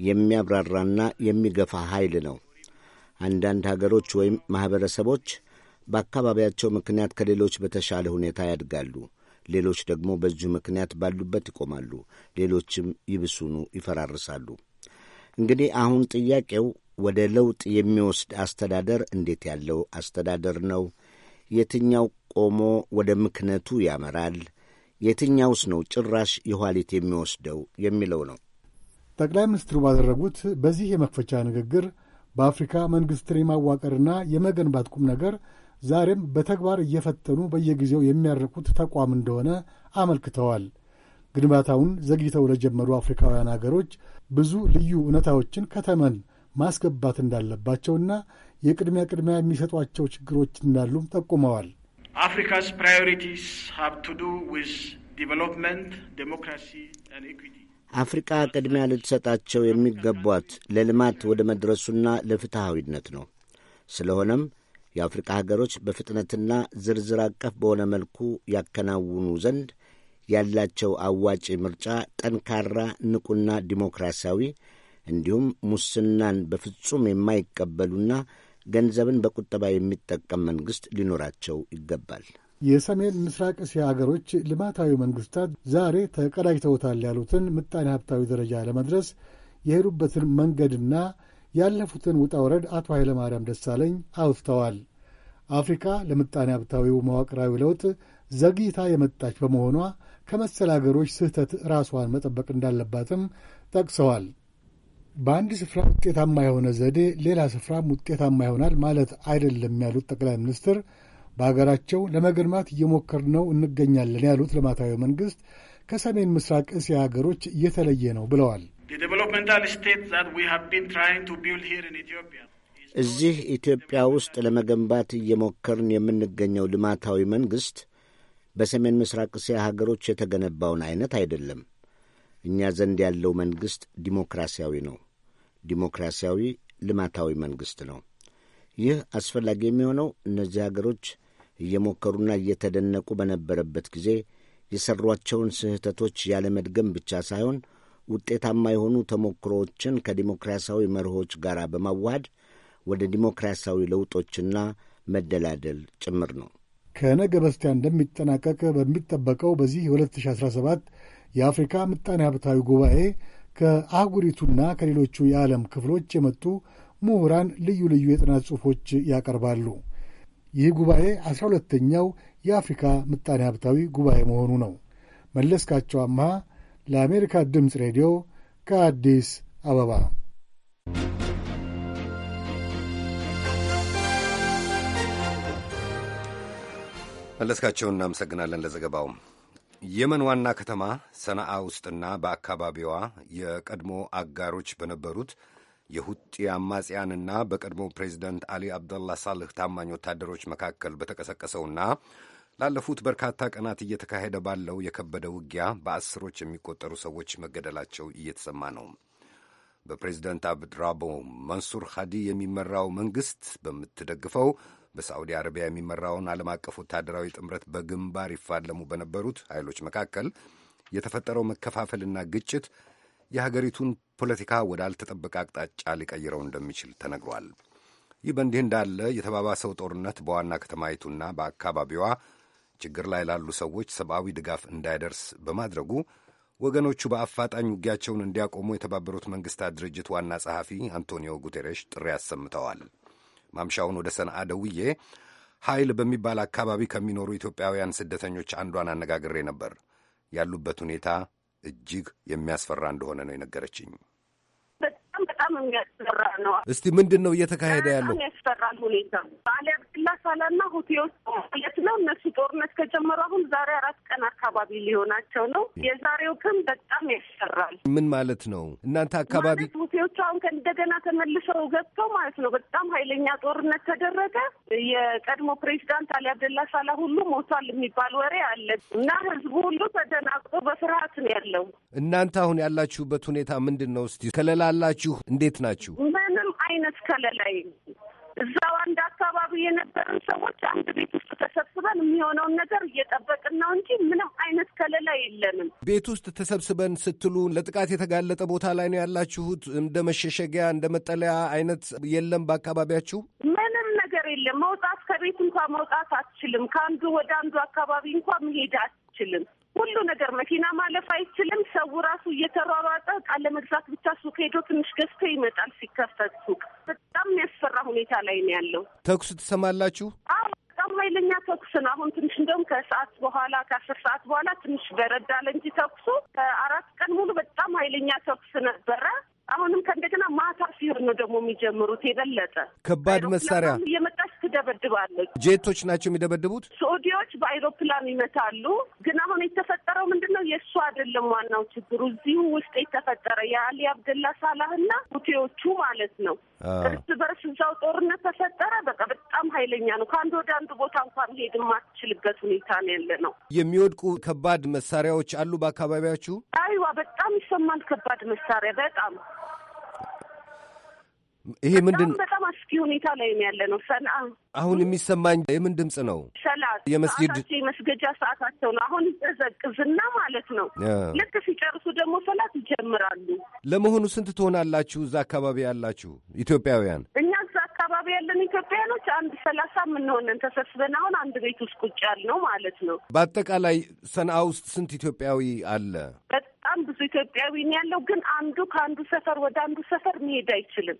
የሚያብራራና የሚገፋ ኃይል ነው። አንዳንድ ሀገሮች ወይም ማኅበረሰቦች በአካባቢያቸው ምክንያት ከሌሎች በተሻለ ሁኔታ ያድጋሉ። ሌሎች ደግሞ በዚሁ ምክንያት ባሉበት ይቆማሉ። ሌሎችም ይብሱኑ ይፈራርሳሉ። እንግዲህ አሁን ጥያቄው ወደ ለውጥ የሚወስድ አስተዳደር እንዴት ያለው አስተዳደር ነው? የትኛው ቆሞ ወደ ምክነቱ ያመራል? የትኛውስ ነው ጭራሽ የኋሊት የሚወስደው የሚለው ነው። ጠቅላይ ሚኒስትሩ ባደረጉት በዚህ የመክፈቻ ንግግር በአፍሪካ መንግሥትን የማዋቀርና የመገንባት ቁም ነገር ዛሬም በተግባር እየፈተኑ በየጊዜው የሚያርቁት ተቋም እንደሆነ አመልክተዋል። ግንባታውን ዘግይተው ለጀመሩ አፍሪካውያን አገሮች ብዙ ልዩ እውነታዎችን ከተመን ማስገባት እንዳለባቸውና የቅድሚያ ቅድሚያ የሚሰጧቸው ችግሮች እንዳሉም ጠቁመዋል። አፍሪካስ ፕራዮሪቲስ ሃብ ቱ ዱ ዊዝ ዲቨሎፕመንት ዴሞክራሲ አፍሪቃ ቅድሚያ ልትሰጣቸው የሚገቧት ለልማት ወደ መድረሱና ለፍትሐዊነት ነው። ስለሆነም የአፍሪቃ ሀገሮች በፍጥነትና ዝርዝር አቀፍ በሆነ መልኩ ያከናውኑ ዘንድ ያላቸው አዋጪ ምርጫ ጠንካራ፣ ንቁና ዲሞክራሲያዊ እንዲሁም ሙስናን በፍጹም የማይቀበሉና ገንዘብን በቁጠባ የሚጠቀም መንግሥት ሊኖራቸው ይገባል። የሰሜን ምስራቅ እስያ አገሮች ልማታዊ መንግስታት ዛሬ ተቀዳጅተውታል ያሉትን ምጣኔ ሀብታዊ ደረጃ ለመድረስ የሄዱበትን መንገድና ያለፉትን ውጣ ውረድ አቶ ኃይለማርያም ደሳለኝ አውስተዋል። አፍሪካ ለምጣኔ ሀብታዊው መዋቅራዊ ለውጥ ዘግይታ የመጣች በመሆኗ ከመሰል አገሮች ስህተት ራሷን መጠበቅ እንዳለባትም ጠቅሰዋል። በአንድ ስፍራ ውጤታማ የሆነ ዘዴ ሌላ ስፍራም ውጤታማ ይሆናል ማለት አይደለም ያሉት ጠቅላይ ሚኒስትር በሀገራቸው ለመገንባት እየሞከርነው ነው እንገኛለን ያሉት ልማታዊ መንግሥት ከሰሜን ምስራቅ እስያ አገሮች እየተለየ ነው ብለዋል። እዚህ ኢትዮጵያ ውስጥ ለመገንባት እየሞከርን የምንገኘው ልማታዊ መንግሥት በሰሜን ምስራቅ እስያ ሀገሮች የተገነባውን አይነት አይደለም። እኛ ዘንድ ያለው መንግሥት ዲሞክራሲያዊ ነው። ዲሞክራሲያዊ ልማታዊ መንግሥት ነው። ይህ አስፈላጊ የሚሆነው እነዚህ ሀገሮች እየሞከሩና እየተደነቁ በነበረበት ጊዜ የሠሯቸውን ስህተቶች ያለመድገም ብቻ ሳይሆን ውጤታማ የሆኑ ተሞክሮዎችን ከዲሞክራሲያዊ መርሆች ጋር በማዋሃድ ወደ ዲሞክራሲያዊ ለውጦችና መደላደል ጭምር ነው። ከነገ በስቲያ እንደሚጠናቀቅ በሚጠበቀው በዚህ 2017 የአፍሪካ ምጣኔ ሀብታዊ ጉባኤ ከአህጉሪቱና ከሌሎቹ የዓለም ክፍሎች የመጡ ምሁራን ልዩ ልዩ የጥናት ጽሑፎች ያቀርባሉ። ይህ ጉባኤ ዐሥራ ሁለተኛው የአፍሪካ ምጣኔ ሀብታዊ ጉባኤ መሆኑ ነው። መለስካቸው አምሃ ለአሜሪካ ድምፅ ሬዲዮ ከአዲስ አበባ መለስካቸውን እናመሰግናለን ለዘገባው። የመን ዋና ከተማ ሰነአ ውስጥና በአካባቢዋ የቀድሞ አጋሮች በነበሩት የሁጢ አማጽያንና በቀድሞ ፕሬዚደንት አሊ አብደላ ሳልህ ታማኝ ወታደሮች መካከል በተቀሰቀሰውና ላለፉት በርካታ ቀናት እየተካሄደ ባለው የከበደ ውጊያ በአስሮች የሚቆጠሩ ሰዎች መገደላቸው እየተሰማ ነው። በፕሬዝደንት አብድራቦ መንሱር ሃዲ የሚመራው መንግሥት በምትደግፈው በሳዑዲ አረቢያ የሚመራውን ዓለም አቀፍ ወታደራዊ ጥምረት በግንባር ይፋለሙ በነበሩት ኃይሎች መካከል የተፈጠረው መከፋፈልና ግጭት የሀገሪቱን ፖለቲካ ወዳልተጠበቀ አቅጣጫ ሊቀይረው እንደሚችል ተነግሯል። ይህ በእንዲህ እንዳለ የተባባሰው ጦርነት በዋና ከተማይቱና በአካባቢዋ ችግር ላይ ላሉ ሰዎች ሰብአዊ ድጋፍ እንዳይደርስ በማድረጉ ወገኖቹ በአፋጣኝ ውጊያቸውን እንዲያቆሙ የተባበሩት መንግስታት ድርጅት ዋና ጸሐፊ አንቶኒዮ ጉቴሬሽ ጥሪ አሰምተዋል። ማምሻውን ወደ ሰንዓ ደውዬ ኃይል በሚባል አካባቢ ከሚኖሩ ኢትዮጵያውያን ስደተኞች አንዷን አነጋግሬ ነበር። ያሉበት ሁኔታ እጅግ የሚያስፈራ እንደሆነ ነው የነገረችኝ። በጣም የሚያስፈራ ነው። እስቲ ምንድን ነው እየተካሄደ ያለው? ያስፈራል ሁኔታ አሊያብላ ሳላና ሁቴዎች ማለት ነው። እነሱ ጦርነት ከጀመሩ አሁን ዛሬ አራት ቀን አካባቢ ሊሆናቸው ነው። የዛሬው ቀን በጣም ያስፈራል። ምን ማለት ነው እናንተ አካባቢ ሁቴዎቹ አሁን እንደገና ተመልሰው ገብተው ማለት ነው። በጣም ኃይለኛ ጦርነት ተደረገ። የቀድሞ ፕሬዚዳንት አሊ አብደላ ሳላ ሁሉ ሞቷል የሚባል ወሬ አለ እና ህዝቡ ሁሉ ተደናግጦ በፍርሃት ነው ያለው። እናንተ አሁን ያላችሁበት ሁኔታ ምንድን ነው? እስቲ ከለላላችሁ እንዴት ናችሁ? ምንም አይነት ከለላ እዛው አንድ አካባቢ የነበርን ሰዎች አንድ ቤት ውስጥ ተሰብስበን የሚሆነውን ነገር እየጠበቅን ነው እንጂ ምንም አይነት ከለላ የለንም። ቤት ውስጥ ተሰብስበን ስትሉ ለጥቃት የተጋለጠ ቦታ ላይ ነው ያላችሁት? እንደ መሸሸጊያ እንደ መጠለያ አይነት የለም በአካባቢያችሁ? ምንም ነገር የለም። መውጣት ከቤት እንኳ መውጣት አትችልም። ከአንዱ ወደ አንዱ አካባቢ እንኳ መሄድ አትችልም። ሁሉ ነገር መኪና ማለፍ አይችልም። ሰው ራሱ እየተሯሯጠ ዕቃ ለመግዛት ብቻ ሱቅ ሄዶ ትንሽ ገዝቶ ይመጣል። ሲከፈት ሱቅ በጣም የሚያስፈራ ሁኔታ ላይ ነው ያለው። ተኩሱ ትሰማላችሁ? አዎ በጣም ኃይለኛ ተኩስ ነው። አሁን ትንሽ እንደውም ከሰዓት በኋላ ከአስር ሰዓት በኋላ ትንሽ በረድ እንጂ ተኩሱ ከአራት ቀን ሙሉ በጣም ኃይለኛ ተኩስ ነበረ። አሁንም ከእንደገና ማታ ሲሆን ነው ደግሞ የሚጀምሩት። የበለጠ ከባድ መሳሪያ እየመጣ ይደበድባለች። ጄቶች ናቸው የሚደበድቡት። ሳዑዲዎች በአይሮፕላን ይመታሉ። ግን አሁን የተፈጠረው ምንድን ነው? የእሱ አይደለም ዋናው ችግሩ። እዚሁ ውስጥ የተፈጠረ የአሊ አብደላ ሳላህ እና ሁቴዎቹ ማለት ነው። እርስ በርስ እዛው ጦርነት ተፈጠረ። በቃ በጣም ኃይለኛ ነው። ከአንድ ወደ አንድ ቦታ እንኳን ሄድ የማትችልበት ሁኔታ ነው ያለ ነው። የሚወድቁ ከባድ መሳሪያዎች አሉ በአካባቢያችሁ? አይዋ በጣም ይሰማል። ከባድ መሳሪያ በጣም ይሄ ምንድን በጣም አስኪ ሁኔታ ላይ ያለ ነው። ሰላ አሁን የሚሰማኝ የምን ድምፅ ነው? ሰላት የመስጊድ መስገጃ ሰዓታቸው ነው። አሁን ዘቅዝና ማለት ነው። ልክ ሲጨርሱ ደግሞ ሰላት ይጀምራሉ። ለመሆኑ ስንት ትሆናላችሁ እዛ አካባቢ ያላችሁ ኢትዮጵያውያን? እኛ እዛ አካባቢ ያለን ኢትዮጵያውያኖች አንድ ሰላሳ የምንሆነን ተሰብስበን አሁን አንድ ቤት ውስጥ ቁጭ ነው ማለት ነው። በአጠቃላይ ሰንአ ውስጥ ስንት ኢትዮጵያዊ አለ? በጣም ብዙ ኢትዮጵያዊ ያለው ግን አንዱ ከአንዱ ሰፈር ወደ አንዱ ሰፈር መሄድ አይችልም።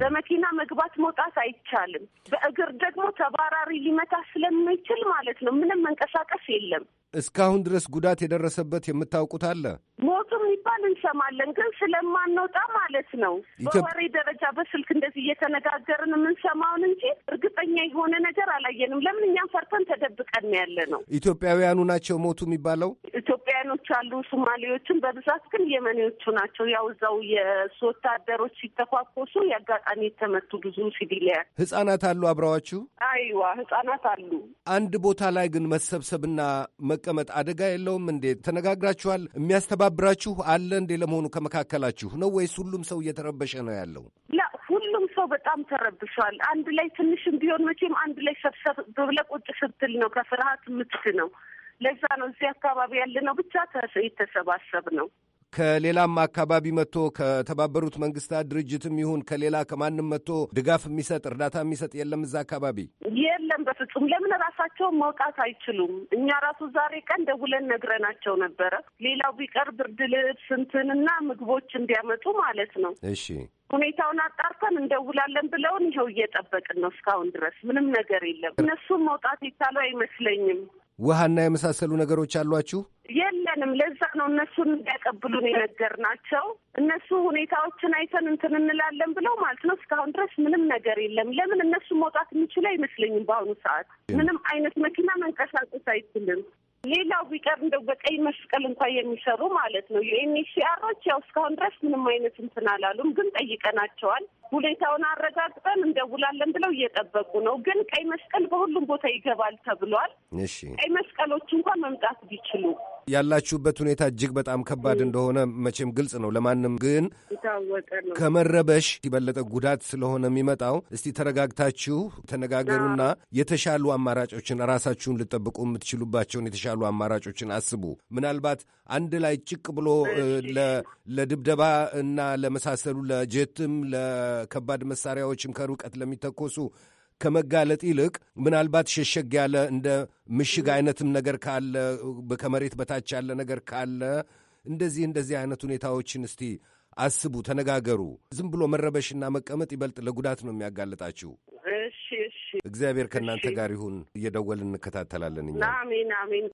በመኪና መግባት መውጣት አይቻልም። በእግር ደግሞ ተባራሪ ሊመታ ስለማይችል ማለት ነው ምንም መንቀሳቀስ የለም። እስካሁን ድረስ ጉዳት የደረሰበት የምታውቁት አለ? ሞቱ የሚባል እንሰማለን፣ ግን ስለማንወጣ ማለት ነው በወሬ ደረጃ በስልክ እንደዚህ እየተነጋገርን የምንሰማውን እንጂ እርግጠኛ የሆነ ነገር አላየንም። ለምን እኛም ፈርተን ተደብቀን ያለ ነው። ኢትዮጵያውያኑ ናቸው ሞቱ የሚባለው ኢትዮጵያኖች አሉ፣ ሶማሌዎችም በብዛት ግን የመኔዎቹ ናቸው። ያው እዛው የእሱ ወታደሮች ሲተኳኮሱ የአጋጣሚ የተመቱ ብዙ ሲቪሊያን ህጻናት አሉ አብረዋችሁ? አይዋ ህጻናት አሉ። አንድ ቦታ ላይ ግን መሰብሰብና መቀመጥ አደጋ የለውም እንዴ? ተነጋግራችኋል? የሚያስተባብራችሁ አለ እንዴ? ለመሆኑ ከመካከላችሁ ነው ወይስ ሁሉም ሰው እየተረበሸ ነው ያለው? ሁሉም ሰው በጣም ተረብሿል። አንድ ላይ ትንሽም ቢሆን መቼም አንድ ላይ ሰብሰብ ብለህ ቁጭ ስትል ነው ከፍርሃት ምት ነው ለዛ ነው እዚህ አካባቢ ያለነው ብቻ የተሰባሰብ ነው። ከሌላም አካባቢ መጥቶ ከተባበሩት መንግስታት ድርጅትም ይሁን ከሌላ ከማንም መጥቶ ድጋፍ የሚሰጥ እርዳታ የሚሰጥ የለም። እዛ አካባቢ የለም በፍጹም። ለምን ራሳቸውን መውጣት አይችሉም? እኛ ራሱ ዛሬ ቀን ደውለን ነግረናቸው ነበረ። ሌላው ቢቀር ብርድ ልብስ ስንትንና ምግቦች እንዲያመጡ ማለት ነው። እሺ ሁኔታውን አጣርተን እንደውላለን ብለውን ይኸው እየጠበቅን ነው። እስካሁን ድረስ ምንም ነገር የለም። እነሱም መውጣት የቻሉ አይመስለኝም። ውሃና የመሳሰሉ ነገሮች አሏችሁ? የለንም። ለዛ ነው እነሱን እንዲያቀብሉን የነገርናቸው። እነሱ ሁኔታዎችን አይተን እንትን እንላለን ብለው ማለት ነው። እስካሁን ድረስ ምንም ነገር የለም። ለምን እነሱ መውጣት የሚችሉ አይመስለኝም። በአሁኑ ሰዓት ምንም አይነት መኪና መንቀሳቀስ አይችልም። ሌላው ቢቀር እንደው በቀይ መስቀል እንኳ የሚሰሩ ማለት ነው የዩኤንኤችሲአሮች ያው እስካሁን ድረስ ምንም አይነት እንትን አላሉም፣ ግን ጠይቀናቸዋል ሁኔታውን አረጋግጠን እንደውላለን ብለው እየጠበቁ ነው። ግን ቀይ መስቀል በሁሉም ቦታ ይገባል ተብሏል። እሺ ቀይ መስቀሎች እንኳን መምጣት ቢችሉ ያላችሁበት ሁኔታ እጅግ በጣም ከባድ እንደሆነ መቼም ግልጽ ነው ለማንም። ግን ከመረበሽ የበለጠ ጉዳት ስለሆነ የሚመጣው እስቲ ተረጋግታችሁ ተነጋገሩና የተሻሉ አማራጮችን ራሳችሁን ልጠብቁ የምትችሉባቸውን የተሻሉ አማራጮችን አስቡ ምናልባት አንድ ላይ ጭቅ ብሎ ለድብደባ እና ለመሳሰሉ ለጀትም ለከባድ መሳሪያዎችም ከሩቀት ለሚተኮሱ ከመጋለጥ ይልቅ ምናልባት ሸሸግ ያለ እንደ ምሽግ አይነትም ነገር ካለ ከመሬት በታች ያለ ነገር ካለ እንደዚህ እንደዚህ አይነት ሁኔታዎችን እስቲ አስቡ፣ ተነጋገሩ። ዝም ብሎ መረበሽና መቀመጥ ይበልጥ ለጉዳት ነው የሚያጋልጣችሁ። እግዚአብሔር ከእናንተ ጋር ይሁን። እየደወልን እንከታተላለን። እኛ አሜን፣ አሜን።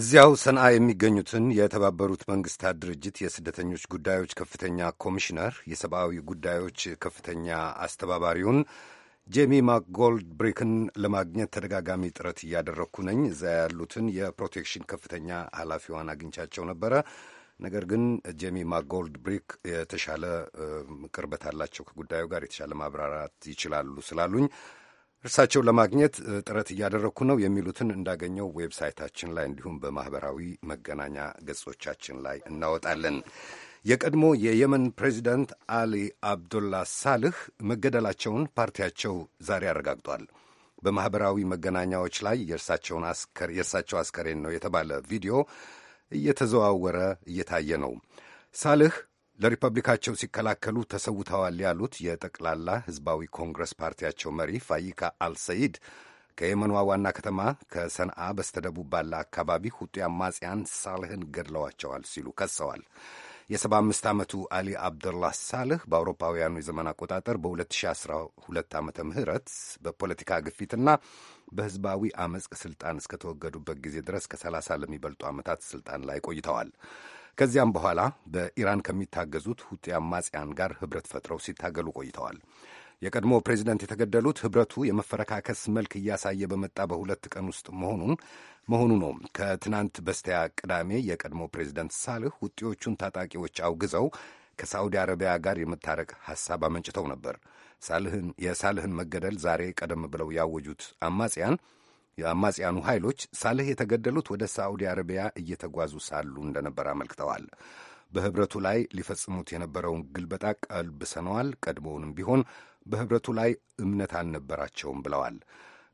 እዚያው ሰንዓ የሚገኙትን የተባበሩት መንግስታት ድርጅት የስደተኞች ጉዳዮች ከፍተኛ ኮሚሽነር የሰብአዊ ጉዳዮች ከፍተኛ አስተባባሪውን ጄሚ ማክጎልድብሪክን ለማግኘት ተደጋጋሚ ጥረት እያደረግኩ ነኝ። እዚያ ያሉትን የፕሮቴክሽን ከፍተኛ ኃላፊዋን አግኝቻቸው ነበረ። ነገር ግን ጄሚ ማክጎልድ ብሪክ የተሻለ ቅርበት አላቸው፣ ከጉዳዩ ጋር የተሻለ ማብራራት ይችላሉ ስላሉኝ እርሳቸው ለማግኘት ጥረት እያደረግኩ ነው የሚሉትን እንዳገኘው ዌብሳይታችን ላይ እንዲሁም በማኅበራዊ መገናኛ ገጾቻችን ላይ እናወጣለን። የቀድሞ የየመን ፕሬዚዳንት አሊ አብዱላ ሳልህ መገደላቸውን ፓርቲያቸው ዛሬ አረጋግጧል። በማኅበራዊ መገናኛዎች ላይ የእርሳቸው አስከሬን ነው የተባለ ቪዲዮ እየተዘዋወረ እየታየ ነው። ሳልህ ለሪፐብሊካቸው ሲከላከሉ ተሰውተዋል ያሉት የጠቅላላ ህዝባዊ ኮንግረስ ፓርቲያቸው መሪ ፋይካ አልሰይድ ከየመኗ ዋና ከተማ ከሰንዓ በስተደቡብ ባለ አካባቢ ሁጤ አማጽያን ሳልህን ገድለዋቸዋል ሲሉ ከሰዋል። የ75 ዓመቱ አሊ አብደላህ ሳልህ በአውሮፓውያኑ የዘመን አቆጣጠር በ2012 ዓመተ ምህረት በፖለቲካ ግፊትና በህዝባዊ አመፅ ስልጣን እስከተወገዱበት ጊዜ ድረስ ከ30 ለሚበልጡ ዓመታት ስልጣን ላይ ቆይተዋል። ከዚያም በኋላ በኢራን ከሚታገዙት ሁጤ አማጽያን ጋር ኅብረት ፈጥረው ሲታገሉ ቆይተዋል። የቀድሞ ፕሬዚደንት የተገደሉት ኅብረቱ የመፈረካከስ መልክ እያሳየ በመጣ በሁለት ቀን ውስጥ መሆኑን መሆኑ ነው። ከትናንት በስቲያ ቅዳሜ የቀድሞ ፕሬዚደንት ሳልህ ውጤዎቹን ታጣቂዎች አውግዘው ከሳዑዲ አረቢያ ጋር የመታረቅ ሐሳብ አመንጭተው ነበር። የሳልህን መገደል ዛሬ ቀደም ብለው ያወጁት አማጽያን የአማጽያኑ ኃይሎች ሳልህ የተገደሉት ወደ ሳዑዲ አረቢያ እየተጓዙ ሳሉ እንደነበር አመልክተዋል። በህብረቱ ላይ ሊፈጽሙት የነበረውን ግልበጣ ቀልብሰነዋል፣ ቀድሞውንም ቢሆን በህብረቱ ላይ እምነት አልነበራቸውም ብለዋል።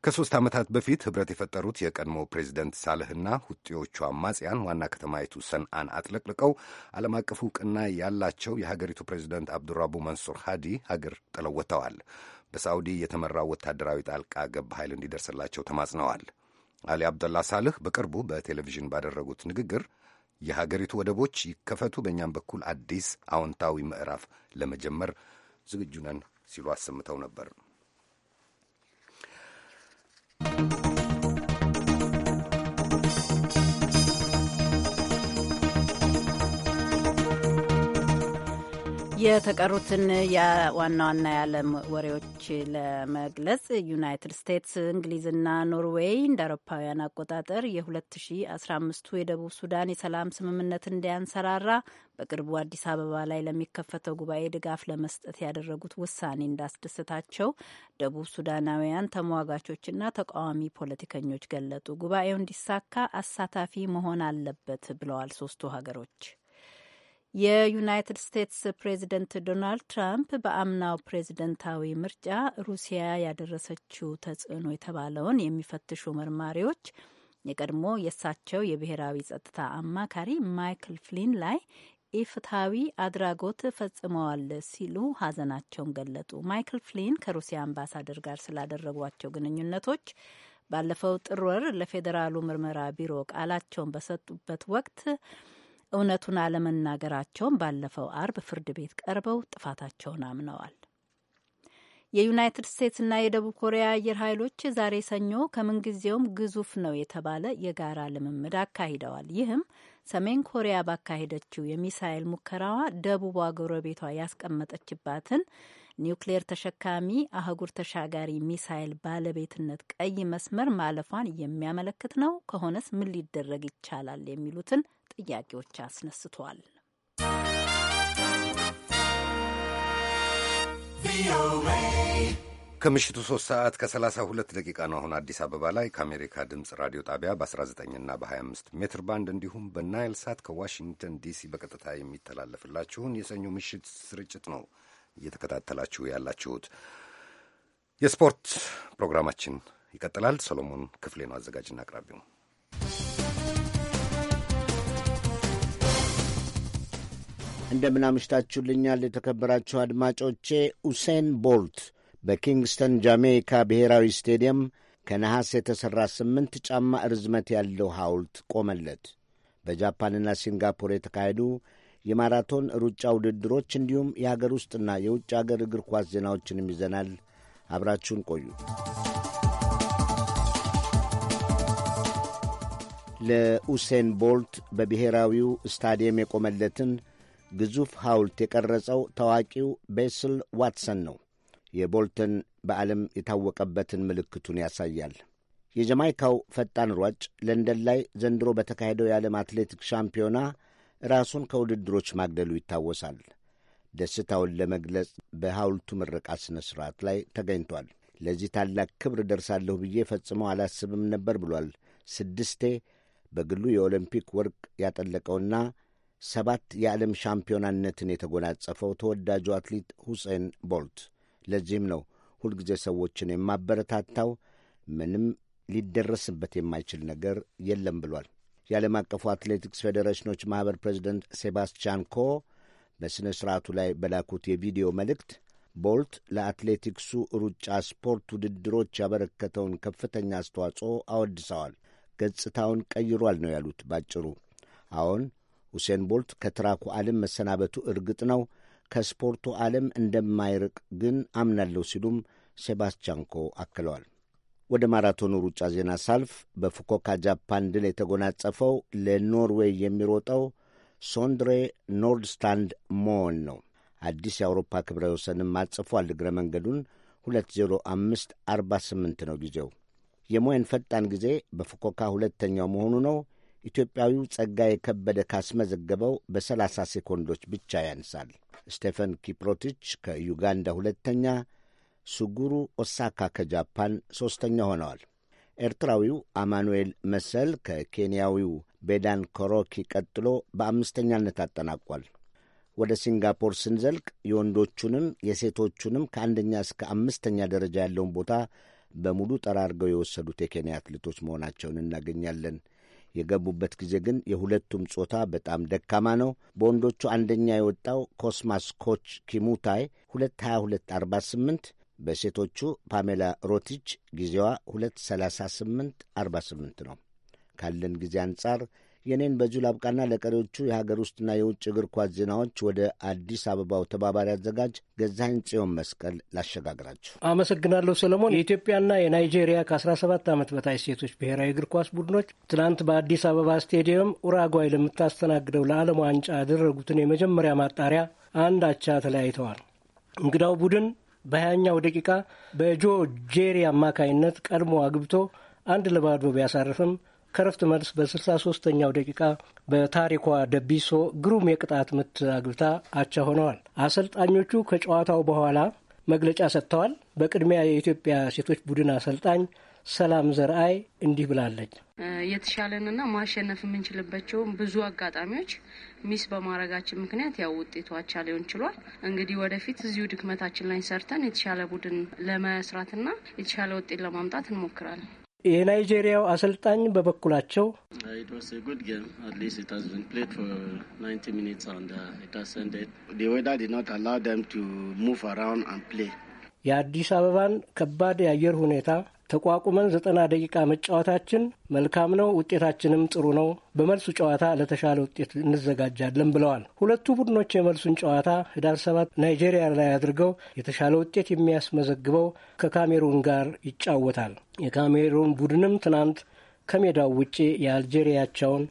ከሦስት ዓመታት በፊት ኅብረት የፈጠሩት የቀድሞ ፕሬዚደንት ሳልህና ሁጤዎቹ አማጽያን ዋና ከተማይቱ ሰንአን አጥለቅልቀው ዓለም አቀፍ ዕውቅና ያላቸው የሀገሪቱ ፕሬዚደንት አብዱራቡ መንሱር ሃዲ ሀገር ጥለው ወጥተዋል። በሳዑዲ የተመራው ወታደራዊ ጣልቃ ገብ ኃይል እንዲደርስላቸው ተማጽነዋል። አሊ አብደላ ሳልህ በቅርቡ በቴሌቪዥን ባደረጉት ንግግር የሀገሪቱ ወደቦች ይከፈቱ፣ በእኛም በኩል አዲስ አዎንታዊ ምዕራፍ ለመጀመር ዝግጁ ነን ሲሉ አሰምተው ነበር። የተቀሩትን ዋና ዋና የዓለም ወሬዎች ለመግለጽ ዩናይትድ ስቴትስ፣ እንግሊዝና ኖርዌይ እንደ አውሮፓውያን አቆጣጠር የ2015ቱ የደቡብ ሱዳን የሰላም ስምምነት እንዲያንሰራራ በቅርቡ አዲስ አበባ ላይ ለሚከፈተው ጉባኤ ድጋፍ ለመስጠት ያደረጉት ውሳኔ እንዳስደሰታቸው ደቡብ ሱዳናውያን ተሟጋቾችና ተቃዋሚ ፖለቲከኞች ገለጡ። ጉባኤው እንዲሳካ አሳታፊ መሆን አለበት ብለዋል ሶስቱ ሀገሮች። የዩናይትድ ስቴትስ ፕሬዚደንት ዶናልድ ትራምፕ በአምናው ፕሬዚደንታዊ ምርጫ ሩሲያ ያደረሰችው ተጽዕኖ የተባለውን የሚፈትሹ መርማሪዎች የቀድሞ የእሳቸው የብሔራዊ ጸጥታ አማካሪ ማይክል ፍሊን ላይ ኢፍትሐዊ አድራጎት ፈጽመዋል ሲሉ ሀዘናቸውን ገለጡ። ማይክል ፍሊን ከሩሲያ አምባሳደር ጋር ስላደረጓቸው ግንኙነቶች ባለፈው ጥር ወር ለፌዴራሉ ምርመራ ቢሮ ቃላቸውን በሰጡበት ወቅት እውነቱን አለመናገራቸውን ባለፈው አርብ ፍርድ ቤት ቀርበው ጥፋታቸውን አምነዋል። የዩናይትድ ስቴትስና የደቡብ ኮሪያ አየር ኃይሎች ዛሬ ሰኞ ከምንጊዜውም ግዙፍ ነው የተባለ የጋራ ልምምድ አካሂደዋል። ይህም ሰሜን ኮሪያ ባካሄደችው የሚሳይል ሙከራዋ ደቡቧ ጎረቤቷ ያስቀመጠችባትን ኒውክሌር ተሸካሚ አህጉር ተሻጋሪ ሚሳይል ባለቤትነት ቀይ መስመር ማለፏን የሚያመለክት ነው። ከሆነስ ምን ሊደረግ ይቻላል? የሚሉትን ጥያቄዎች አስነስቷል። ከምሽቱ 3 ሰዓት ከ32 ደቂቃ ነው። አሁን አዲስ አበባ ላይ ከአሜሪካ ድምፅ ራዲዮ ጣቢያ በ19ና በ25 ሜትር ባንድ እንዲሁም በናይል ሳት ከዋሽንግተን ዲሲ በቀጥታ የሚተላለፍላችሁን የሰኞ ምሽት ስርጭት ነው እየተከታተላችሁ ያላችሁት። የስፖርት ፕሮግራማችን ይቀጥላል። ሰሎሞን ክፍሌ ነው አዘጋጅና አቅራቢው። እንደምናምሽታችሁልኛል የተከበራችሁ አድማጮቼ። ሁሴን ቦልት በኪንግስተን ጃሜይካ ብሔራዊ ስቴዲየም ከነሐስ የተሠራ ስምንት ጫማ ርዝመት ያለው ሐውልት ቆመለት። በጃፓንና ሲንጋፖር የተካሄዱ የማራቶን ሩጫ ውድድሮች እንዲሁም የሀገር ውስጥና የውጭ አገር እግር ኳስ ዜናዎችንም ይዘናል። አብራችሁን ቆዩ። ለኡሴን ቦልት በብሔራዊው ስታዲየም የቆመለትን ግዙፍ ሐውልት የቀረጸው ታዋቂው ቤስል ዋትሰን ነው። የቦልተን በዓለም የታወቀበትን ምልክቱን ያሳያል። የጀማይካው ፈጣን ሯጭ ለንደን ላይ ዘንድሮ በተካሄደው የዓለም አትሌቲክስ ሻምፒዮና ራሱን ከውድድሮች ማግደሉ ይታወሳል። ደስታውን ለመግለጽ በሐውልቱ ምረቃ ሥነ ሥርዓት ላይ ተገኝቷል። ለዚህ ታላቅ ክብር ደርሳለሁ ብዬ ፈጽመው አላስብም ነበር ብሏል። ስድስቴ በግሉ የኦሎምፒክ ወርቅ ያጠለቀውና ሰባት የዓለም ሻምፒዮናነትን የተጎናጸፈው ተወዳጁ አትሌት ሁሴን ቦልት። ለዚህም ነው ሁልጊዜ ሰዎችን የማበረታታው ምንም ሊደረስበት የማይችል ነገር የለም ብሏል። የዓለም አቀፉ አትሌቲክስ ፌዴሬሽኖች ማኅበር ፕሬዚደንት ሴባስቲያን ኮ በሥነ ሥርዓቱ ላይ በላኩት የቪዲዮ መልእክት ቦልት ለአትሌቲክሱ ሩጫ ስፖርት ውድድሮች ያበረከተውን ከፍተኛ አስተዋጽኦ አወድሰዋል። ገጽታውን ቀይሯል ነው ያሉት ባጭሩ። አሁን ሁሴን ቦልት ከትራኩ ዓለም መሰናበቱ እርግጥ ነው፣ ከስፖርቱ ዓለም እንደማይርቅ ግን አምናለሁ ሲሉም ሴባስቲያንኮ አክለዋል። ወደ ማራቶኑ ሩጫ ዜና ሳልፍ በፉኮካ ጃፓን ድል የተጎናጸፈው ለኖርዌይ የሚሮጠው ሶንድሬ ኖርድስታንድ ሞን ነው። አዲስ የአውሮፓ ክብረ ወሰንም አጽፏል። እግረ መንገዱን 20548 ነው ጊዜው። የሞየን ፈጣን ጊዜ በፉኮካ ሁለተኛው መሆኑ ነው። ኢትዮጵያዊው ጸጋ የከበደ ካስመዘገበው በ30 ሴኮንዶች ብቻ ያንሳል። ስቴፈን ኪፕሮቲች ከዩጋንዳ ሁለተኛ፣ ሱጉሩ ኦሳካ ከጃፓን ሦስተኛ ሆነዋል። ኤርትራዊው አማኑኤል መሰል ከኬንያዊው ቤዳን ኮሮኪ ቀጥሎ በአምስተኛነት አጠናቋል። ወደ ሲንጋፖር ስንዘልቅ የወንዶቹንም የሴቶቹንም ከአንደኛ እስከ አምስተኛ ደረጃ ያለውን ቦታ በሙሉ ጠራርገው የወሰዱት የኬንያ አትሌቶች መሆናቸውን እናገኛለን። የገቡበት ጊዜ ግን የሁለቱም ጾታ በጣም ደካማ ነው። በወንዶቹ አንደኛ የወጣው ኮስማስ ኮች ኪሙታይ 22248 በሴቶቹ ፓሜላ ሮቲች ጊዜዋ 23848 ነው። ካለን ጊዜ አንጻር የኔን በዚሁ ላብቃና ለቀሪዎቹ የሀገር ውስጥና የውጭ እግር ኳስ ዜናዎች ወደ አዲስ አበባው ተባባሪ አዘጋጅ ገዛኝ ጽዮን መስቀል ላሸጋግራችሁ። አመሰግናለሁ ሰለሞን። የኢትዮጵያና የናይጄሪያ ከ17 ዓመት በታች ሴቶች ብሔራዊ እግር ኳስ ቡድኖች ትናንት በአዲስ አበባ ስቴዲየም ኡራጓይ ለምታስተናግደው ለዓለም ዋንጫ ያደረጉትን የመጀመሪያ ማጣሪያ አንድ አቻ ተለያይተዋል። እንግዳው ቡድን በሀያኛው ደቂቃ በጆ ጄሪ አማካይነት ቀድሞ አግብቶ አንድ ለባዶ ቢያሳርፍም ከረፍት መልስ በ63ኛው ደቂቃ በታሪኳ ደቢሶ ግሩም የቅጣት ምት አግብታ አቻ ሆነዋል። አሰልጣኞቹ ከጨዋታው በኋላ መግለጫ ሰጥተዋል። በቅድሚያ የኢትዮጵያ ሴቶች ቡድን አሰልጣኝ ሰላም ዘርአይ እንዲህ ብላለች። የተሻለንና ማሸነፍ የምንችልባቸውን ብዙ አጋጣሚዎች ሚስ በማድረጋችን ምክንያት ያው ውጤቱ አቻ ሊሆን ችሏል። እንግዲህ ወደፊት እዚሁ ድክመታችን ላይ ሰርተን የተሻለ ቡድን ለመስራትና የተሻለ ውጤት ለማምጣት እንሞክራለን። የናይጄሪያው አሰልጣኝ በበኩላቸው uh, የአዲስ አበባን ከባድ የአየር ሁኔታ ተቋቁመን ዘጠና ደቂቃ መጫወታችን መልካም ነው፣ ውጤታችንም ጥሩ ነው። በመልሱ ጨዋታ ለተሻለ ውጤት እንዘጋጃለን ብለዋል። ሁለቱ ቡድኖች የመልሱን ጨዋታ ህዳር ሰባት ናይጄሪያ ላይ አድርገው የተሻለ ውጤት የሚያስመዘግበው ከካሜሩን ጋር ይጫወታል። የካሜሩን ቡድንም ትናንት ከሜዳው ውጪ የአልጄሪያቸውን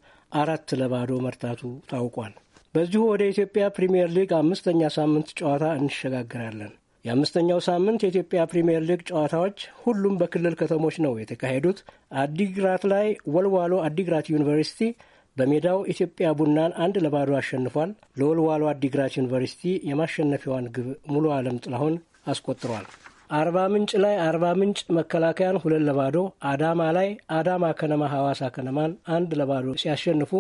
አራት ለባዶ መርታቱ ታውቋል። በዚሁ ወደ ኢትዮጵያ ፕሪምየር ሊግ አምስተኛ ሳምንት ጨዋታ እንሸጋግራለን። የአምስተኛው ሳምንት የኢትዮጵያ ፕሪምየር ሊግ ጨዋታዎች ሁሉም በክልል ከተሞች ነው የተካሄዱት። አዲግራት ላይ ወልዋሎ አዲግራት ዩኒቨርሲቲ በሜዳው ኢትዮጵያ ቡናን አንድ ለባዶ አሸንፏል። ለወልዋሎ አዲግራት ዩኒቨርሲቲ የማሸነፊያዋን ግብ ሙሉ አለም ጥላሁን አስቆጥሯል። አርባ ምንጭ ላይ አርባ ምንጭ መከላከያን ሁለት ለባዶ፣ አዳማ ላይ አዳማ ከነማ ሐዋሳ ከነማን አንድ ለባዶ ሲያሸንፉ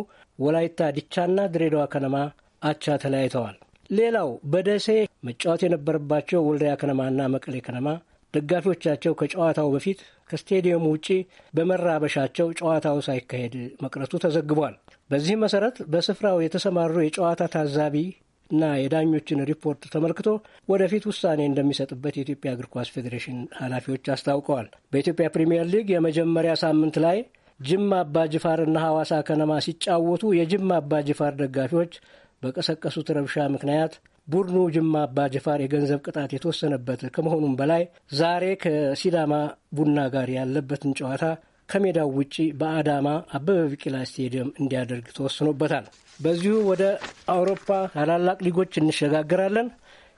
ወላይታ ዲቻና ድሬዳዋ ከነማ አቻ ተለያይተዋል። ሌላው በደሴ መጫወት የነበረባቸው ወልዳያ ከነማና መቀሌ ከነማ ደጋፊዎቻቸው ከጨዋታው በፊት ከስቴዲየሙ ውጪ በመራበሻቸው ጨዋታው ሳይካሄድ መቅረቱ ተዘግቧል። በዚህ መሰረት በስፍራው የተሰማሩ የጨዋታ ታዛቢ እና የዳኞችን ሪፖርት ተመልክቶ ወደፊት ውሳኔ እንደሚሰጥበት የኢትዮጵያ እግር ኳስ ፌዴሬሽን ኃላፊዎች አስታውቀዋል። በኢትዮጵያ ፕሪምየር ሊግ የመጀመሪያ ሳምንት ላይ ጅማ አባ ጅፋር እና ሐዋሳ ከነማ ሲጫወቱ የጅማ አባ ጅፋር ደጋፊዎች በቀሰቀሱት ረብሻ ምክንያት ቡድኑ ጅማ አባ ጀፋር የገንዘብ ቅጣት የተወሰነበት ከመሆኑም በላይ ዛሬ ከሲዳማ ቡና ጋር ያለበትን ጨዋታ ከሜዳው ውጪ በአዳማ አበበ ቢቂላ ስቴዲየም እንዲያደርግ ተወስኖበታል። በዚሁ ወደ አውሮፓ ታላላቅ ሊጎች እንሸጋገራለን።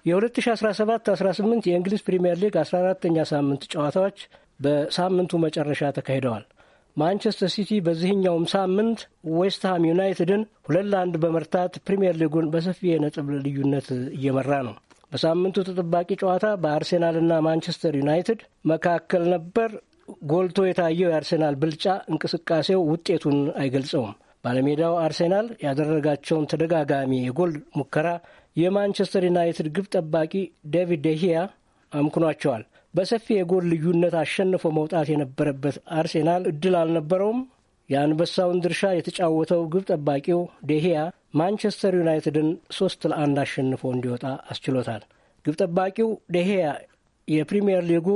የ2017-18 የእንግሊዝ ፕሪምየር ሊግ 14ተኛ ሳምንት ጨዋታዎች በሳምንቱ መጨረሻ ተካሂደዋል። ማንቸስተር ሲቲ በዚህኛውም ሳምንት ዌስትሃም ዩናይትድን ሁለት ለአንድ በመርታት ፕሪምየር ሊጉን በሰፊ የነጥብ ልዩነት እየመራ ነው። በሳምንቱ ተጠባቂ ጨዋታ በአርሴናልና ማንቸስተር ዩናይትድ መካከል ነበር። ጎልቶ የታየው የአርሴናል ብልጫ እንቅስቃሴው ውጤቱን አይገልጸውም። ባለሜዳው አርሴናል ያደረጋቸውን ተደጋጋሚ የጎል ሙከራ የማንቸስተር ዩናይትድ ግብ ጠባቂ ዴቪድ ደሂያ አምክኗቸዋል። በሰፊ የጎል ልዩነት አሸንፎ መውጣት የነበረበት አርሴናል እድል አልነበረውም። የአንበሳውን ድርሻ የተጫወተው ግብ ጠባቂው ዴሄያ ማንቸስተር ዩናይትድን ሶስት ለአንድ አሸንፎ እንዲወጣ አስችሎታል። ግብ ጠባቂው ዴሄያ የፕሪምየር ሊጉ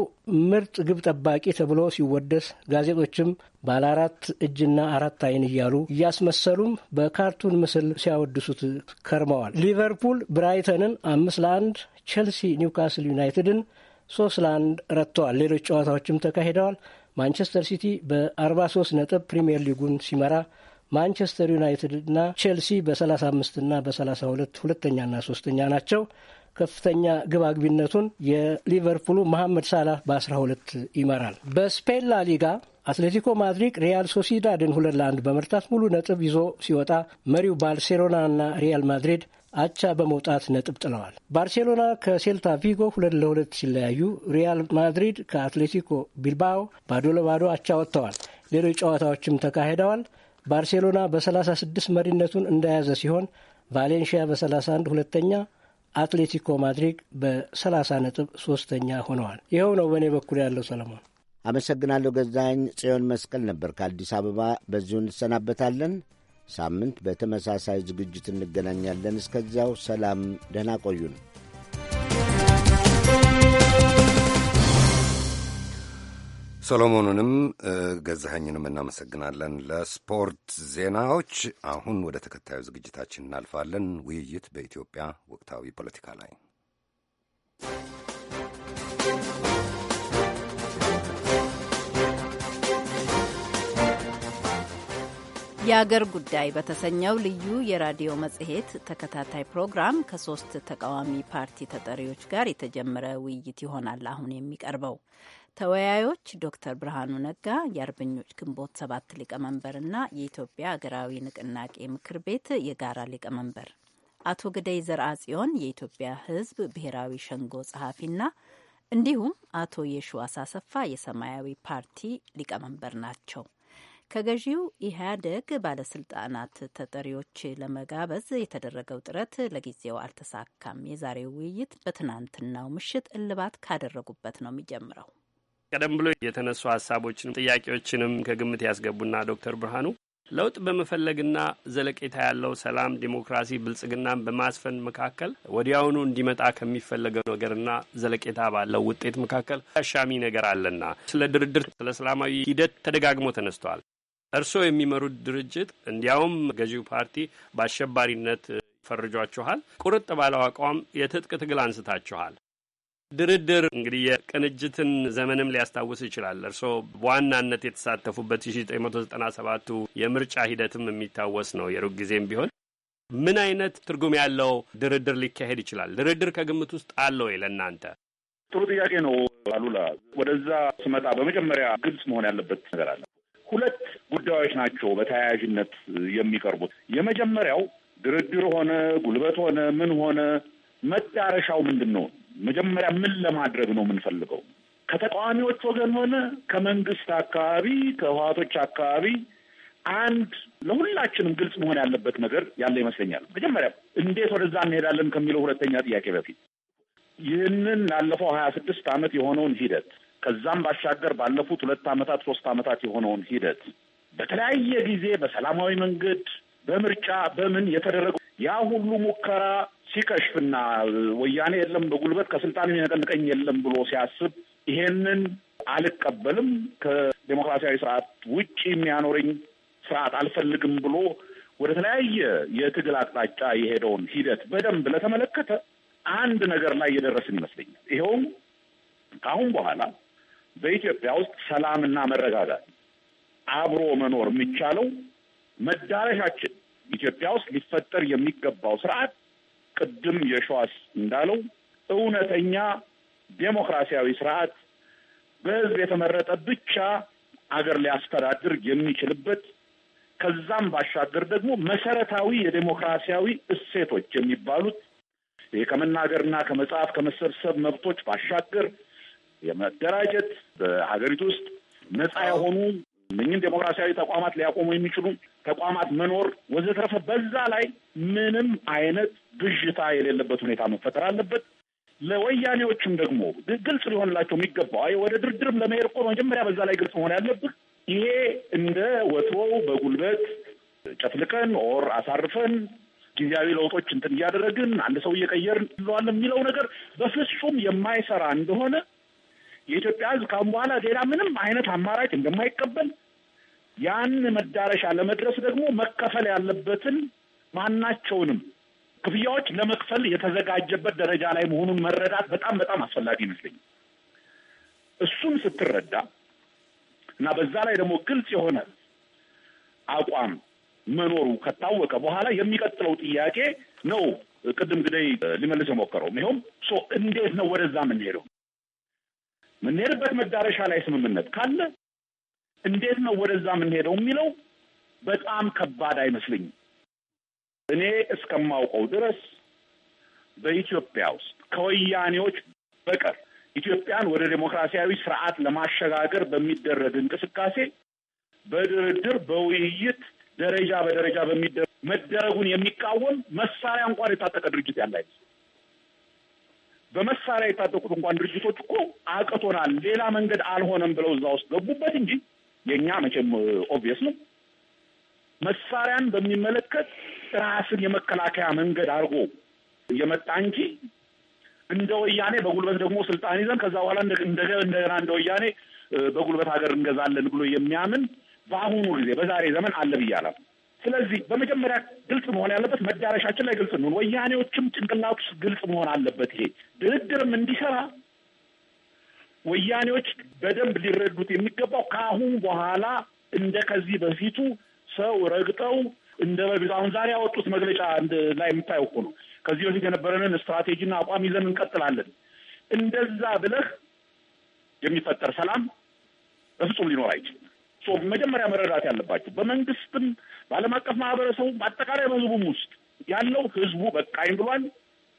ምርጥ ግብ ጠባቂ ተብሎ ሲወደስ ጋዜጦችም ባለ አራት እጅና አራት አይን እያሉ እያስመሰሉም በካርቱን ምስል ሲያወድሱት ከርመዋል። ሊቨርፑል ብራይተንን አምስት ለአንድ፣ ቼልሲ ኒውካስል ዩናይትድን ሶስት ለአንድ ረትተዋል። ሌሎች ጨዋታዎችም ተካሂደዋል። ማንቸስተር ሲቲ በ43 ነጥብ ፕሪምየር ሊጉን ሲመራ ማንቸስተር ዩናይትድና ቼልሲ በ35ና በ32 ሁለተኛና ሶስተኛ ናቸው። ከፍተኛ ግባግቢነቱን የሊቨርፑሉ መሐመድ ሳላህ በ12 ይመራል። በስፔን ሊጋ አትሌቲኮ ማድሪድ ሪያል ሶሲዳድን ሁለት ለአንድ በመርታት ሙሉ ነጥብ ይዞ ሲወጣ መሪው ባርሴሎናና ሪያል ማድሪድ አቻ በመውጣት ነጥብ ጥለዋል። ባርሴሎና ከሴልታ ቪጎ ሁለት ለሁለት ሲለያዩ፣ ሪያል ማድሪድ ከአትሌቲኮ ቢልባኦ ባዶ ለባዶ አቻ ወጥተዋል። ሌሎች ጨዋታዎችም ተካሂደዋል። ባርሴሎና በ36 መሪነቱን እንደያዘ ሲሆን ቫሌንሺያ በ31 ሁለተኛ፣ አትሌቲኮ ማድሪድ በ30 ነጥብ ሶስተኛ ሆነዋል። ይኸው ነው በእኔ በኩል ያለው ሰለሞን። አመሰግናለሁ ገዛኝ። ጽዮን መስቀል ነበር ከአዲስ አበባ። በዚሁ እንሰናበታለን። ሳምንት በተመሳሳይ ዝግጅት እንገናኛለን። እስከዚያው ሰላም፣ ደህና ቆዩን። ሰሎሞኑንም ገዛኸኝንም እናመሰግናለን ለስፖርት ዜናዎች። አሁን ወደ ተከታዩ ዝግጅታችን እናልፋለን። ውይይት በኢትዮጵያ ወቅታዊ ፖለቲካ ላይ የአገር ጉዳይ በተሰኘው ልዩ የራዲዮ መጽሔት ተከታታይ ፕሮግራም ከሶስት ተቃዋሚ ፓርቲ ተጠሪዎች ጋር የተጀመረ ውይይት ይሆናል አሁን የሚቀርበው። ተወያዮች ዶክተር ብርሃኑ ነጋ የአርበኞች ግንቦት ሰባት ሊቀመንበርና የኢትዮጵያ አገራዊ ንቅናቄ ምክር ቤት የጋራ ሊቀመንበር፣ አቶ ግደይ ዘርአጽዮን የኢትዮጵያ ሕዝብ ብሔራዊ ሸንጎ ጸሐፊና እንዲሁም አቶ የሽዋስ አሰፋ የሰማያዊ ፓርቲ ሊቀመንበር ናቸው። ከገዢው ኢህአዴግ ባለስልጣናት ተጠሪዎች ለመጋበዝ የተደረገው ጥረት ለጊዜው አልተሳካም። የዛሬው ውይይት በትናንትናው ምሽት እልባት ካደረጉበት ነው የሚጀምረው። ቀደም ብሎ የተነሱ ሀሳቦችንም ጥያቄዎችንም ከግምት ያስገቡና ዶክተር ብርሃኑ ለውጥ በመፈለግና ዘለቄታ ያለው ሰላም፣ ዴሞክራሲ፣ ብልጽግናን በማስፈን መካከል ወዲያውኑ እንዲመጣ ከሚፈለገው ነገርና ዘለቄታ ባለው ውጤት መካከል አሻሚ ነገር አለና ስለ ድርድር ስለ ሰላማዊ ሂደት ተደጋግሞ ተነስተዋል። እርስዎ የሚመሩት ድርጅት እንዲያውም ገዢው ፓርቲ በአሸባሪነት ፈርጇችኋል። ቁርጥ ባለው አቋም የትጥቅ ትግል አንስታችኋል። ድርድር እንግዲህ የቅንጅትን ዘመንም ሊያስታውስ ይችላል። እርስዎ በዋናነት የተሳተፉበት የ ቱ የምርጫ ሂደትም የሚታወስ ነው። የሩቅ ጊዜም ቢሆን ምን አይነት ትርጉም ያለው ድርድር ሊካሄድ ይችላል? ድርድር ከግምት ውስጥ አለ ወይ ለእናንተ? ጥሩ ጥያቄ ነው አሉላ። ወደዛ ስመጣ በመጀመሪያ ግልጽ መሆን ያለበት ነገር አለ። ሁለት ጉዳዮች ናቸው በተያያዥነት የሚቀርቡት። የመጀመሪያው ድርድር ሆነ ጉልበት ሆነ ምን ሆነ መዳረሻው ምንድን ነው? መጀመሪያ ምን ለማድረግ ነው የምንፈልገው? ከተቃዋሚዎች ወገን ሆነ ከመንግስት አካባቢ ከህዋቶች አካባቢ አንድ ለሁላችንም ግልጽ መሆን ያለበት ነገር ያለ ይመስለኛል። መጀመሪያ እንዴት ወደዛ እንሄዳለን ከሚለው ሁለተኛ ጥያቄ በፊት ይህንን ላለፈው ሀያ ስድስት ዓመት የሆነውን ሂደት ከዛም ባሻገር ባለፉት ሁለት ዓመታት ሶስት ዓመታት የሆነውን ሂደት በተለያየ ጊዜ በሰላማዊ መንገድ በምርጫ በምን የተደረገው ያ ሁሉ ሙከራ ሲከሽፍና ወያኔ የለም በጉልበት ከስልጣን የሚነቀንቀኝ የለም ብሎ ሲያስብ ይሄንን አልቀበልም ከዴሞክራሲያዊ ስርዓት ውጭ የሚያኖረኝ ስርዓት አልፈልግም ብሎ ወደ ተለያየ የትግል አቅጣጫ የሄደውን ሂደት በደንብ ለተመለከተ አንድ ነገር ላይ የደረስን ይመስለኛል። ይኸውም ከአሁን በኋላ በኢትዮጵያ ውስጥ ሰላምና መረጋጋት አብሮ መኖር የሚቻለው መዳረሻችን ኢትዮጵያ ውስጥ ሊፈጠር የሚገባው ስርዓት ቅድም የሸዋስ እንዳለው እውነተኛ ዴሞክራሲያዊ ስርዓት በህዝብ የተመረጠ ብቻ አገር ሊያስተዳድር የሚችልበት ከዛም ባሻገር ደግሞ መሰረታዊ የዴሞክራሲያዊ እሴቶች የሚባሉት ከመናገርና ከመጻፍ ከመሰብሰብ መብቶች ባሻገር የመደራጀት በሀገሪቱ ውስጥ ነፃ የሆኑ እነኝን ዴሞክራሲያዊ ተቋማት ሊያቆሙ የሚችሉ ተቋማት መኖር ወዘተረፈ። በዛ ላይ ምንም አይነት ብዥታ የሌለበት ሁኔታ መፈጠር አለበት። ለወያኔዎችም ደግሞ ግልጽ ሊሆንላቸው የሚገባው ወደ ድርድርም ለመሄድ እኮ መጀመሪያ በዛ ላይ ግልጽ መሆን ያለብህ ይሄ እንደ ወትሮው በጉልበት ጨፍልቀን ኦር አሳርፈን ጊዜያዊ ለውጦች እንትን እያደረግን አንድ ሰው እየቀየር እንለዋለን የሚለው ነገር በፍጹም የማይሰራ እንደሆነ የኢትዮጵያ ህዝብ ካሁን በኋላ ሌላ ምንም አይነት አማራጭ እንደማይቀበል ያን መዳረሻ ለመድረስ ደግሞ መከፈል ያለበትን ማናቸውንም ክፍያዎች ለመክፈል የተዘጋጀበት ደረጃ ላይ መሆኑን መረዳት በጣም በጣም አስፈላጊ ይመስለኛል። እሱን ስትረዳ እና በዛ ላይ ደግሞ ግልጽ የሆነ አቋም መኖሩ ከታወቀ በኋላ የሚቀጥለው ጥያቄ ነው ቅድም ግደይ ሊመልስ የሞከረው ይኸውም እንዴት ነው ወደዛ የምንሄደው? የምንሄድበት መዳረሻ ላይ ስምምነት ካለ እንዴት ነው ወደዛ የምንሄደው የሚለው በጣም ከባድ አይመስልኝም። እኔ እስከማውቀው ድረስ በኢትዮጵያ ውስጥ ከወያኔዎች በቀር ኢትዮጵያን ወደ ዴሞክራሲያዊ ስርዓት ለማሸጋገር በሚደረግ እንቅስቃሴ በድርድር በውይይት ደረጃ በደረጃ በሚደረግ መደረጉን የሚቃወም መሳሪያ እንኳን የታጠቀ ድርጅት ያለ አይመስለኝም። በመሳሪያ የታጠቁት እንኳን ድርጅቶች እኮ አቅቶናል፣ ሌላ መንገድ አልሆነም ብለው እዛ ውስጥ ገቡበት እንጂ የእኛ መቼም ኦብቪየስ ነው። መሳሪያን በሚመለከት ራስን የመከላከያ መንገድ አድርጎ የመጣ እንጂ እንደ ወያኔ በጉልበት ደግሞ ስልጣን ይዘን ከዛ በኋላ እንደገና እንደ ወያኔ በጉልበት ሀገር እንገዛለን ብሎ የሚያምን በአሁኑ ጊዜ በዛሬ ዘመን አለ ብያለሁ። ስለዚህ በመጀመሪያ ግልጽ መሆን ያለበት መዳረሻችን ላይ ግልጽ እንሆን። ወያኔዎችም ጭንቅላት ውስጥ ግልጽ መሆን አለበት። ይሄ ድርድርም እንዲሰራ ወያኔዎች በደንብ ሊረዱት የሚገባው ከአሁን በኋላ እንደ ከዚህ በፊቱ ሰው ረግጠው እንደ በፊቱ አሁን ዛሬ ያወጡት መግለጫ ላይ የምታየው እኮ ነው። ከዚህ በፊት የነበረንን ስትራቴጂና አቋም ይዘን እንቀጥላለን። እንደዛ ብለህ የሚፈጠር ሰላም በፍጹም ሊኖር አይችልም። መጀመሪያ መረዳት ያለባቸው በመንግስትም በዓለም አቀፍ ማህበረሰቡ አጠቃላይ በህዝቡም ውስጥ ያለው ህዝቡ በቃኝ ብሏል።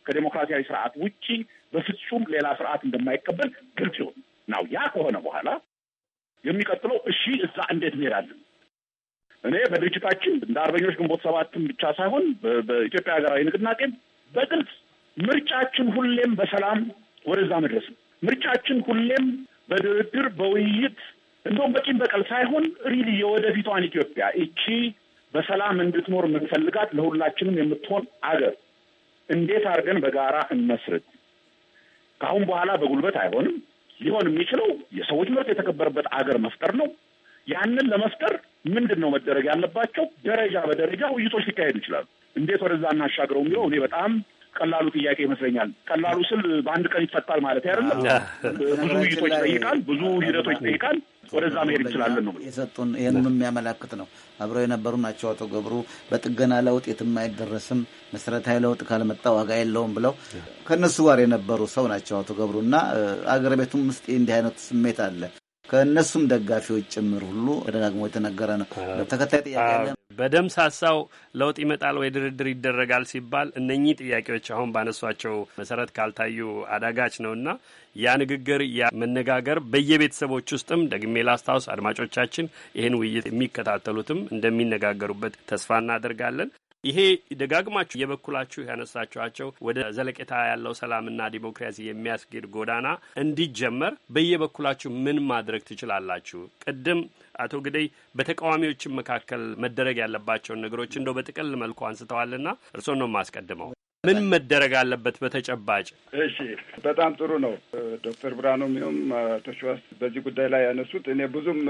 ከዴሞክራሲያዊ ስርዓት ውጪ በፍጹም ሌላ ስርዓት እንደማይቀበል ግልጽ ይሆን ናው። ያ ከሆነ በኋላ የሚቀጥለው እሺ እዛ እንዴት እንሄዳለን? እኔ በድርጅታችን እንደ አርበኞች ግንቦት ሰባትም ብቻ ሳይሆን በኢትዮጵያ ሀገራዊ ንቅናቄ በግልጽ ምርጫችን ሁሌም በሰላም ወደዛ መድረስ ነው። ምርጫችን ሁሌም በድርድር በውይይት እንደውም በቂም በቀል ሳይሆን ሪሊ የወደፊቷን ኢትዮጵያ እቺ በሰላም እንድትኖር የምንፈልጋት ለሁላችንም የምትሆን አገር እንዴት አድርገን በጋራ እንመስርት። ከአሁን በኋላ በጉልበት አይሆንም። ሊሆን የሚችለው የሰዎች መብት የተከበረበት አገር መፍጠር ነው። ያንን ለመፍጠር ምንድን ነው መደረግ ያለባቸው? ደረጃ በደረጃ ውይይቶች ሊካሄዱ ይችላሉ። እንዴት ወደዛ እናሻግረው የሚለው እኔ በጣም ቀላሉ ጥያቄ ይመስለኛል። ቀላሉ ስል በአንድ ቀን ይፈታል ማለት አይደለም። ብዙ ውይይቶች ይጠይቃል፣ ብዙ ሂደቶች ይጠይቃል። ወደዛ መሄድ እንችላለን ነው የሰጡን። ይህንኑ የሚያመላክት ነው። አብረው የነበሩ ናቸው አቶ ገብሩ። በጥገና ለውጥ የትም አይደረስም፣ መሰረታዊ ለውጥ ካልመጣ ዋጋ የለውም ብለው ከእነሱ ጋር የነበሩ ሰው ናቸው አቶ ገብሩ እና አገር ቤቱም ውስጥ እንዲህ አይነቱ ስሜት አለ። ከእነሱም ደጋፊዎች ጭምር ሁሉ ደጋግሞ የተነገረ ነው። ተከታይ ጥያቄ በደም ሳሳው ለውጥ ይመጣል ወይ ድርድር ይደረጋል ሲባል እነኚህ ጥያቄዎች አሁን ባነሷቸው መሰረት ካልታዩ አዳጋች ነውና ያ ንግግር ያ መነጋገር በየቤተሰቦች ውስጥም ደግሜ ላስታውስ አድማጮቻችን ይህን ውይይት የሚከታተሉትም እንደሚነጋገሩበት ተስፋ እናደርጋለን። ይሄ ደጋግማችሁ የበኩላችሁ ያነሳችኋቸው ወደ ዘለቄታ ያለው ሰላምና ዲሞክራሲ የሚያስጌድ ጎዳና እንዲጀመር በየበኩላችሁ ምን ማድረግ ትችላላችሁ? ቅድም አቶ ግደይ በተቃዋሚዎችን መካከል መደረግ ያለባቸውን ነገሮች እንደው በጥቅል መልኩ አንስተዋልና እርስዎን ነው የማስቀድመው። ምን መደረግ አለበት በተጨባጭ? እሺ፣ በጣም ጥሩ ነው። ዶክተር ብርሃኑ ሚሁም አቶ ሸዋስ በዚህ ጉዳይ ላይ ያነሱት እኔ ብዙም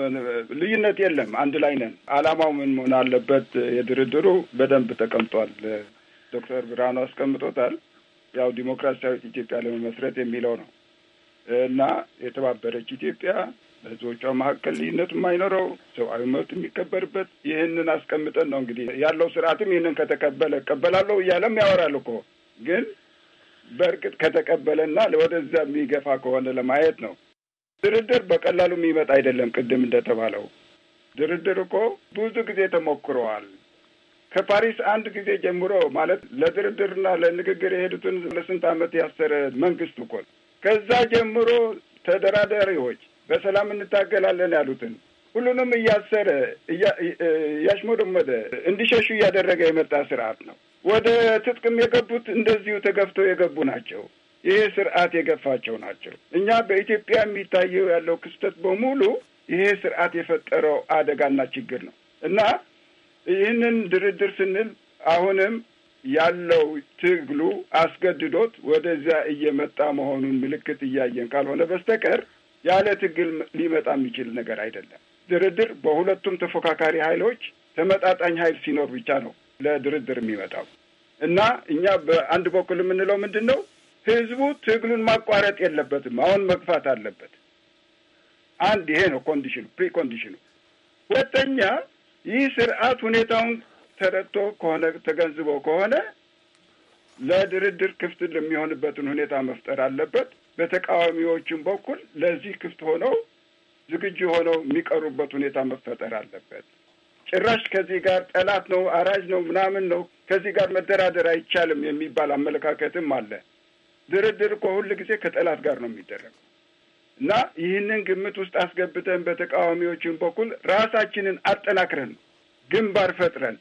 ልዩነት የለም፣ አንድ ላይ ነን። አላማው ምን መሆን አለበት የድርድሩ በደንብ ተቀምጧል። ዶክተር ብርሃኑ አስቀምጦታል። ያው ዲሞክራሲያዊት ኢትዮጵያ ለመመስረት የሚለው ነው እና የተባበረች ኢትዮጵያ በህዝቦቿ መካከል ልዩነት የማይኖረው ሰብአዊ መብት የሚከበርበት ይህንን አስቀምጠን ነው እንግዲህ ያለው ስርዓትም ይህንን ከተቀበለ እቀበላለሁ እያለም ያወራል እኮ ግን በእርግጥ ከተቀበለና ወደዛ የሚገፋ ከሆነ ለማየት ነው። ድርድር በቀላሉ የሚመጣ አይደለም። ቅድም እንደተባለው ድርድር እኮ ብዙ ጊዜ ተሞክረዋል። ከፓሪስ አንድ ጊዜ ጀምሮ ማለት ለድርድርና ለንግግር የሄዱትን ለስንት አመት ያሰረ መንግስት እኮ ከዛ ጀምሮ ተደራዳሪዎች በሰላም እንታገላለን ያሉትን ሁሉንም እያሰረ እያሽሞደመደ እንዲሸሹ እያደረገ የመጣ ስርዓት ነው። ወደ ትጥቅም የገቡት እንደዚሁ ተገፍተው የገቡ ናቸው። ይህ ስርዓት የገፋቸው ናቸው። እኛ በኢትዮጵያ የሚታየው ያለው ክስተት በሙሉ ይሄ ስርዓት የፈጠረው አደጋና ችግር ነው እና ይህንን ድርድር ስንል አሁንም ያለው ትግሉ አስገድዶት ወደዚያ እየመጣ መሆኑን ምልክት እያየን ካልሆነ በስተቀር ያለ ትግል ሊመጣ የሚችል ነገር አይደለም። ድርድር በሁለቱም ተፎካካሪ ኃይሎች ተመጣጣኝ ኃይል ሲኖር ብቻ ነው ለድርድር የሚመጣው እና እኛ በአንድ በኩል የምንለው ምንድን ነው? ህዝቡ ትግሉን ማቋረጥ የለበትም፣ አሁን መግፋት አለበት። አንድ ይሄ ነው ኮንዲሽኑ፣ ፕሪ ኮንዲሽኑ። ሁለተኛ ይህ ስርዓት ሁኔታውን ተረድቶ ከሆነ ተገንዝቦ ከሆነ ለድርድር ክፍት የሚሆንበትን ሁኔታ መፍጠር አለበት። በተቃዋሚዎችም በኩል ለዚህ ክፍት ሆነው ዝግጁ ሆነው የሚቀሩበት ሁኔታ መፈጠር አለበት። ጭራሽ ከዚህ ጋር ጠላት ነው፣ አራጅ ነው፣ ምናምን ነው፣ ከዚህ ጋር መደራደር አይቻልም የሚባል አመለካከትም አለ። ድርድር እኮ ሁል ጊዜ ከጠላት ጋር ነው የሚደረገው እና ይህንን ግምት ውስጥ አስገብተን በተቃዋሚዎችን በኩል ራሳችንን አጠናክረን ግንባር ፈጥረን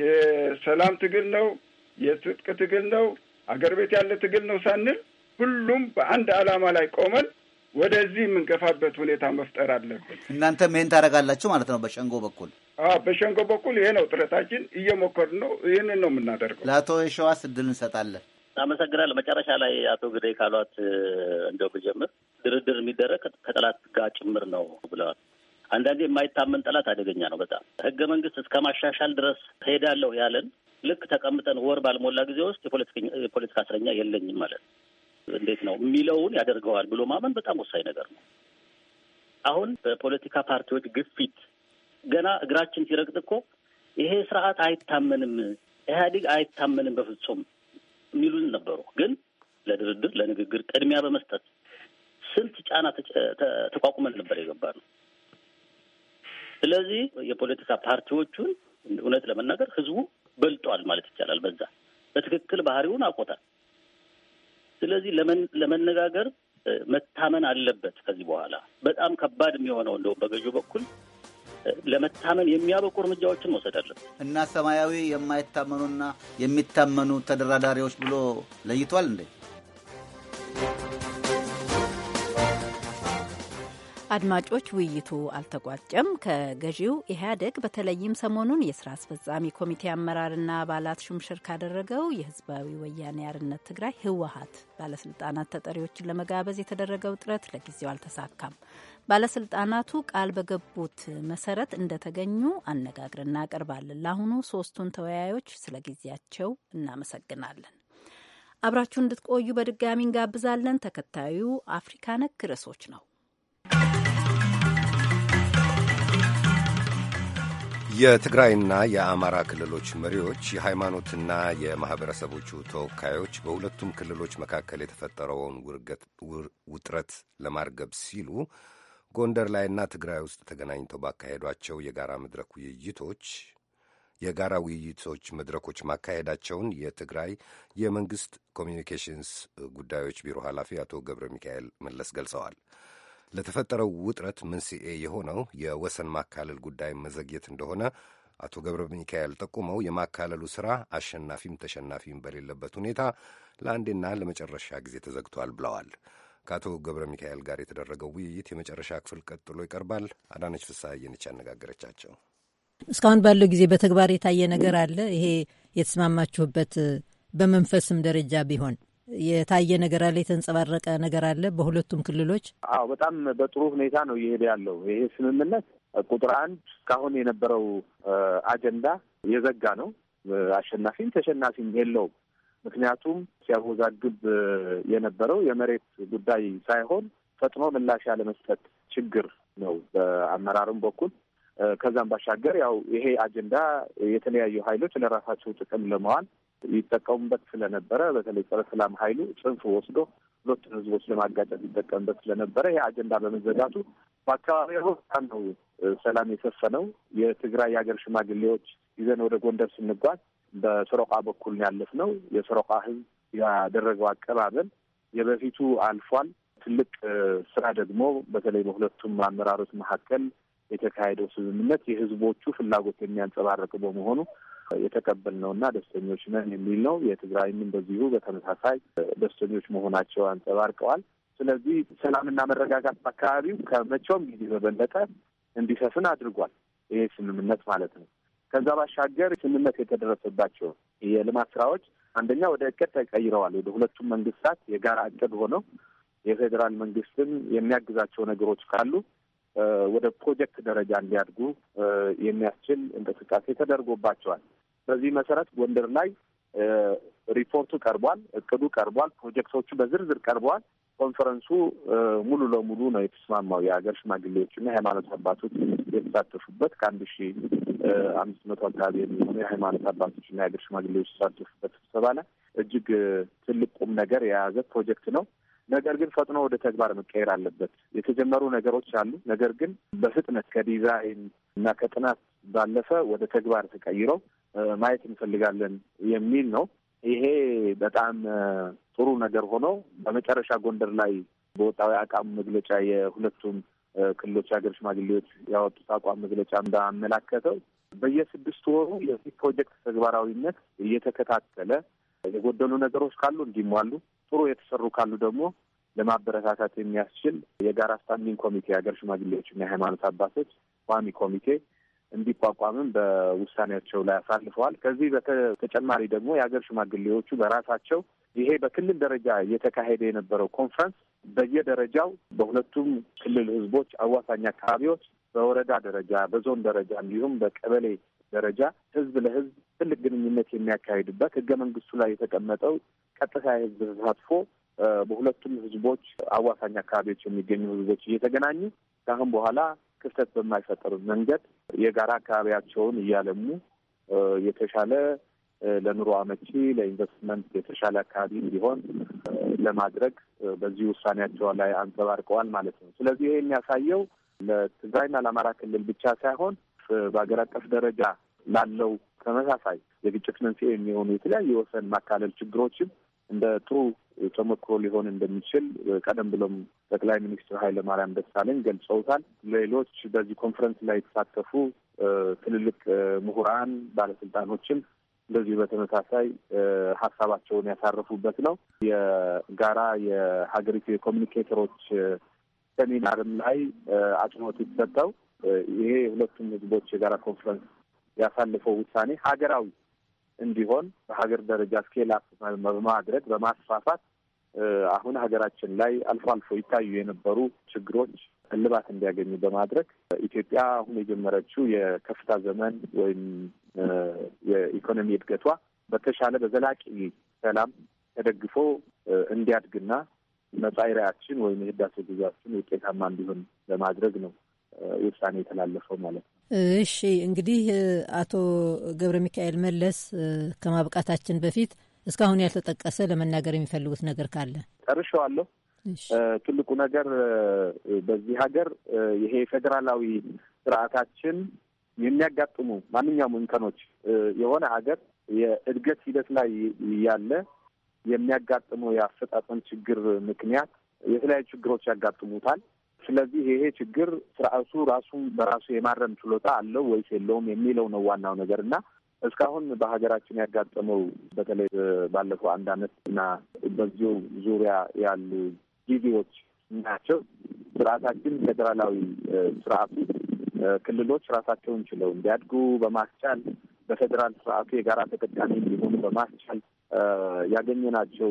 የሰላም ትግል ነው የትጥቅ ትግል ነው አገር ቤት ያለ ትግል ነው ሳንል ሁሉም በአንድ ዓላማ ላይ ቆመን ወደዚህ የምንገፋበት ሁኔታ መፍጠር አለብን። እናንተም ይህን ታደርጋላችሁ ማለት ነው በሸንጎ በኩል? አዎ በሸንጎ በኩል ይሄ ነው ጥረታችን፣ እየሞከርን ነው። ይህንን ነው የምናደርገው። ለአቶ የሸዋስ እድል እንሰጣለን። አመሰግናለሁ። መጨረሻ ላይ አቶ ግደይ ካሏት እንደው ብጀምር ድርድር የሚደረግ ከጠላት ጋር ጭምር ነው ብለዋል። አንዳንዴ የማይታመን ጠላት አደገኛ ነው በጣም ህገ መንግስት እስከ ማሻሻል ድረስ ሄዳለሁ ያለን ልክ ተቀምጠን ወር ባልሞላ ጊዜ ውስጥ የፖለቲካ እስረኛ የለኝም ማለት ነው። እንዴት ነው የሚለውን ያደርገዋል ብሎ ማመን በጣም ወሳኝ ነገር ነው። አሁን በፖለቲካ ፓርቲዎች ግፊት ገና እግራችን ሲረግጥ እኮ ይሄ ስርዓት አይታመንም፣ ኢህአዴግ አይታመንም በፍጹም የሚሉን ነበሩ። ግን ለድርድር ለንግግር ቅድሚያ በመስጠት ስንት ጫና ተቋቁመን ነበር የገባ ነው። ስለዚህ የፖለቲካ ፓርቲዎቹን እውነት ለመናገር ህዝቡ በልጧል ማለት ይቻላል። በዛ በትክክል ባህሪውን አውቆታል። ስለዚህ ለመነጋገር መታመን አለበት። ከዚህ በኋላ በጣም ከባድ የሚሆነው እንደውም በገዢው በኩል ለመታመን የሚያበቁ እርምጃዎችን መውሰድ አለበት እና ሰማያዊ የማይታመኑና የሚታመኑ ተደራዳሪዎች ብሎ ለይቷል እንዴ? አድማጮች ውይይቱ አልተቋጨም። ከገዢው ኢህአዴግ በተለይም ሰሞኑን የስራ አስፈጻሚ ኮሚቴ አመራርና አባላት ሹምሽር ካደረገው የህዝባዊ ወያኔ ያርነት ትግራይ ህወሀት ባለስልጣናት ተጠሪዎችን ለመጋበዝ የተደረገው ጥረት ለጊዜው አልተሳካም። ባለስልጣናቱ ቃል በገቡት መሰረት እንደተገኙ አነጋግር እናቀርባለን። ለአሁኑ ሶስቱን ተወያዮች ስለ ጊዜያቸው እናመሰግናለን። አብራችሁ እንድትቆዩ በድጋሚ እንጋብዛለን። ተከታዩ አፍሪካ ነክ ርዕሶች ነው። የትግራይና የአማራ ክልሎች መሪዎች የሃይማኖትና የማኅበረሰቦቹ ተወካዮች በሁለቱም ክልሎች መካከል የተፈጠረውን ውጥረት ለማርገብ ሲሉ ጎንደር ላይና ትግራይ ውስጥ ተገናኝተው ባካሄዷቸው የጋራ መድረክ ውይይቶች የጋራ ውይይቶች መድረኮች ማካሄዳቸውን የትግራይ የመንግሥት ኮሚኒኬሽንስ ጉዳዮች ቢሮ ኃላፊ አቶ ገብረ ሚካኤል መለስ ገልጸዋል። ለተፈጠረው ውጥረት መንስኤ የሆነው የወሰን ማካለል ጉዳይ መዘግየት እንደሆነ አቶ ገብረ ሚካኤል ጠቁመው የማካለሉ ስራ አሸናፊም ተሸናፊም በሌለበት ሁኔታ ለአንዴና ለመጨረሻ ጊዜ ተዘግቷል ብለዋል። ከአቶ ገብረ ሚካኤል ጋር የተደረገው ውይይት የመጨረሻ ክፍል ቀጥሎ ይቀርባል። አዳነች ፍስሐዬ ነች ያነጋገረቻቸው። እስካሁን ባለው ጊዜ በተግባር የታየ ነገር አለ? ይሄ የተስማማችሁበት በመንፈስም ደረጃ ቢሆን የታየ ነገር አለ፣ የተንጸባረቀ ነገር አለ በሁለቱም ክልሎች? አዎ በጣም በጥሩ ሁኔታ ነው እየሄደ ያለው ይሄ ስምምነት። ቁጥር አንድ እስካሁን የነበረው አጀንዳ የዘጋ ነው። አሸናፊም ተሸናፊም የለውም። ምክንያቱም ሲያወዛግብ የነበረው የመሬት ጉዳይ ሳይሆን ፈጥኖ ምላሽ ያለመስጠት ችግር ነው በአመራርም በኩል ከዛም ባሻገር ያው ይሄ አጀንዳ የተለያዩ ኃይሎች ለራሳቸው ጥቅም ለመዋል ይጠቀሙበት ስለነበረ በተለይ ጸረ ሰላም ኃይሉ ጽንፍ ወስዶ ሁለቱን ህዝቦች ለማጋጨት ይጠቀምበት ስለነበረ ይህ አጀንዳ በመዘጋቱ በአካባቢ በጣም ነው ሰላም የሰፈነው። የትግራይ የሀገር ሽማግሌዎች ይዘን ወደ ጎንደር ስንጓዝ በሰሮቃ በኩል ያለፍነው የሰሮቃ ህዝብ ያደረገው አቀባበል የበፊቱ አልፏል። ትልቅ ስራ ደግሞ በተለይ በሁለቱም አመራሮች መካከል የተካሄደው ስምምነት የህዝቦቹ ፍላጎት የሚያንጸባርቅ በመሆኑ የተቀበልነው እና ደስተኞች ነን የሚል ነው። የትግራይም እንደዚሁ በተመሳሳይ ደስተኞች መሆናቸው አንጸባርቀዋል። ስለዚህ ሰላምና መረጋጋት በአካባቢው ከመቼውም ጊዜ በበለጠ እንዲሰፍን አድርጓል ይሄ ስምምነት ማለት ነው። ከዛ ባሻገር ስምምነት የተደረሰባቸው የልማት ስራዎች አንደኛ ወደ እቅድ ተቀይረዋል። ወደ ሁለቱም መንግስታት የጋራ እቅድ ሆነው የፌዴራል መንግስትም የሚያግዛቸው ነገሮች ካሉ ወደ ፕሮጀክት ደረጃ እንዲያድጉ የሚያስችል እንቅስቃሴ ተደርጎባቸዋል። በዚህ መሰረት ጎንደር ላይ ሪፖርቱ ቀርቧል፣ እቅዱ ቀርቧል፣ ፕሮጀክቶቹ በዝርዝር ቀርበዋል። ኮንፈረንሱ ሙሉ ለሙሉ ነው የተስማማው። የሀገር ሽማግሌዎችና የሃይማኖት አባቶች የተሳተፉበት ከአንድ ሺ አምስት መቶ አካባቢ የሚሆኑ የሃይማኖት አባቶችና የሀገር ሽማግሌዎች የተሳተፉበት ስብሰባ ላይ እጅግ ትልቅ ቁም ነገር የያዘ ፕሮጀክት ነው። ነገር ግን ፈጥኖ ወደ ተግባር መቀየር አለበት። የተጀመሩ ነገሮች አሉ። ነገር ግን በፍጥነት ከዲዛይን እና ከጥናት ባለፈ ወደ ተግባር ተቀይረው ማየት እንፈልጋለን የሚል ነው። ይሄ በጣም ጥሩ ነገር ሆኖ በመጨረሻ ጎንደር ላይ በወጣው የአቋም መግለጫ የሁለቱም ክልሎች የሀገር ሽማግሌዎች ያወጡት አቋም መግለጫ እንዳመላከተው በየስድስት ወሩ የዚህ ፕሮጀክት ተግባራዊነት እየተከታተለ የጎደሉ ነገሮች ካሉ እንዲሟሉ፣ ጥሩ የተሰሩ ካሉ ደግሞ ለማበረታታት የሚያስችል የጋራ ስታንዲንግ ኮሚቴ የሀገር ሽማግሌዎችና የሃይማኖት አባቶች ቋሚ ኮሚቴ እንዲቋቋምም በውሳኔያቸው ላይ አሳልፈዋል። ከዚህ በተጨማሪ ደግሞ የሀገር ሽማግሌዎቹ በራሳቸው ይሄ በክልል ደረጃ እየተካሄደ የነበረው ኮንፈረንስ በየደረጃው በሁለቱም ክልል ህዝቦች አዋሳኝ አካባቢዎች በወረዳ ደረጃ፣ በዞን ደረጃ እንዲሁም በቀበሌ ደረጃ ህዝብ ለህዝብ ትልቅ ግንኙነት የሚያካሂድበት ህገ መንግስቱ ላይ የተቀመጠው ቀጥታ የህዝብ ተሳትፎ በሁለቱም ህዝቦች አዋሳኝ አካባቢዎች የሚገኙ ህዝቦች እየተገናኙ ከአሁን በኋላ ክፍተት በማይፈጠሩ መንገድ የጋራ አካባቢያቸውን እያለሙ የተሻለ ለኑሮ አመቺ ለኢንቨስትመንት የተሻለ አካባቢ እንዲሆን ለማድረግ በዚህ ውሳኔያቸው ላይ አንጸባርቀዋል ማለት ነው። ስለዚህ ይሄ የሚያሳየው ለትግራይና ለአማራ ክልል ብቻ ሳይሆን በሀገር አቀፍ ደረጃ ላለው ተመሳሳይ የግጭት መንስኤ የሚሆኑ የተለያዩ የወሰን ማካለል ችግሮችም እንደ ጥሩ ተሞክሮ ሊሆን እንደሚችል ቀደም ብሎም ጠቅላይ ሚኒስትር ኃይለማርያም ማርያም ደሳለኝ ገልጸውታል። ሌሎች በዚህ ኮንፈረንስ ላይ የተሳተፉ ትልልቅ ምሁራን፣ ባለስልጣኖችም እንደዚሁ በተመሳሳይ ሀሳባቸውን ያሳረፉበት ነው። የጋራ የሀገሪቱ የኮሚኒኬተሮች ሰሚናርም ላይ አጽንኦት የተሰጠው ይሄ የሁለቱም ህዝቦች የጋራ ኮንፈረንስ ያሳለፈው ውሳኔ ሀገራዊ እንዲሆን በሀገር ደረጃ ስኬል አፕ በማድረግ በማስፋፋት አሁን ሀገራችን ላይ አልፎ አልፎ ይታዩ የነበሩ ችግሮች እልባት እንዲያገኙ በማድረግ ኢትዮጵያ አሁን የጀመረችው የከፍታ ዘመን ወይም የኢኮኖሚ እድገቷ በተሻለ በዘላቂ ሰላም ተደግፎ እንዲያድግና መጻኢ ወይም የህዳሴ ጉዟችን ውጤታማ እንዲሆን ለማድረግ ነው ውሳኔ የተላለፈው ማለት ነው። እሺ እንግዲህ አቶ ገብረ ሚካኤል መለስ ከማብቃታችን በፊት እስካሁን ያልተጠቀሰ ለመናገር የሚፈልጉት ነገር ካለ ጨርሸዋለሁ። ትልቁ ነገር በዚህ ሀገር ይሄ ፌዴራላዊ ስርዓታችን የሚያጋጥሙ ማንኛውም እንከኖች የሆነ ሀገር የእድገት ሂደት ላይ ያለ የሚያጋጥሙ የአፈጣጠን ችግር ምክንያት የተለያዩ ችግሮች ያጋጥሙታል። ስለዚህ ይሄ ችግር ስርዓቱ ራሱ በራሱ የማረም ችሎታ አለው ወይስ የለውም የሚለው ነው ዋናው ነገር እና እስካሁን በሀገራችን ያጋጠመው በተለይ ባለፈው አንድ አመት እና በዚሁ ዙሪያ ያሉ ጊዜዎች ናቸው። ስርዓታችን ፌዴራላዊ ስርዓቱ ክልሎች ራሳቸውን ችለው እንዲያድጉ በማስቻል በፌዴራል ስርዓቱ የጋራ ተጠቃሚ እንዲሆኑ በማስቻል ያገኘናቸው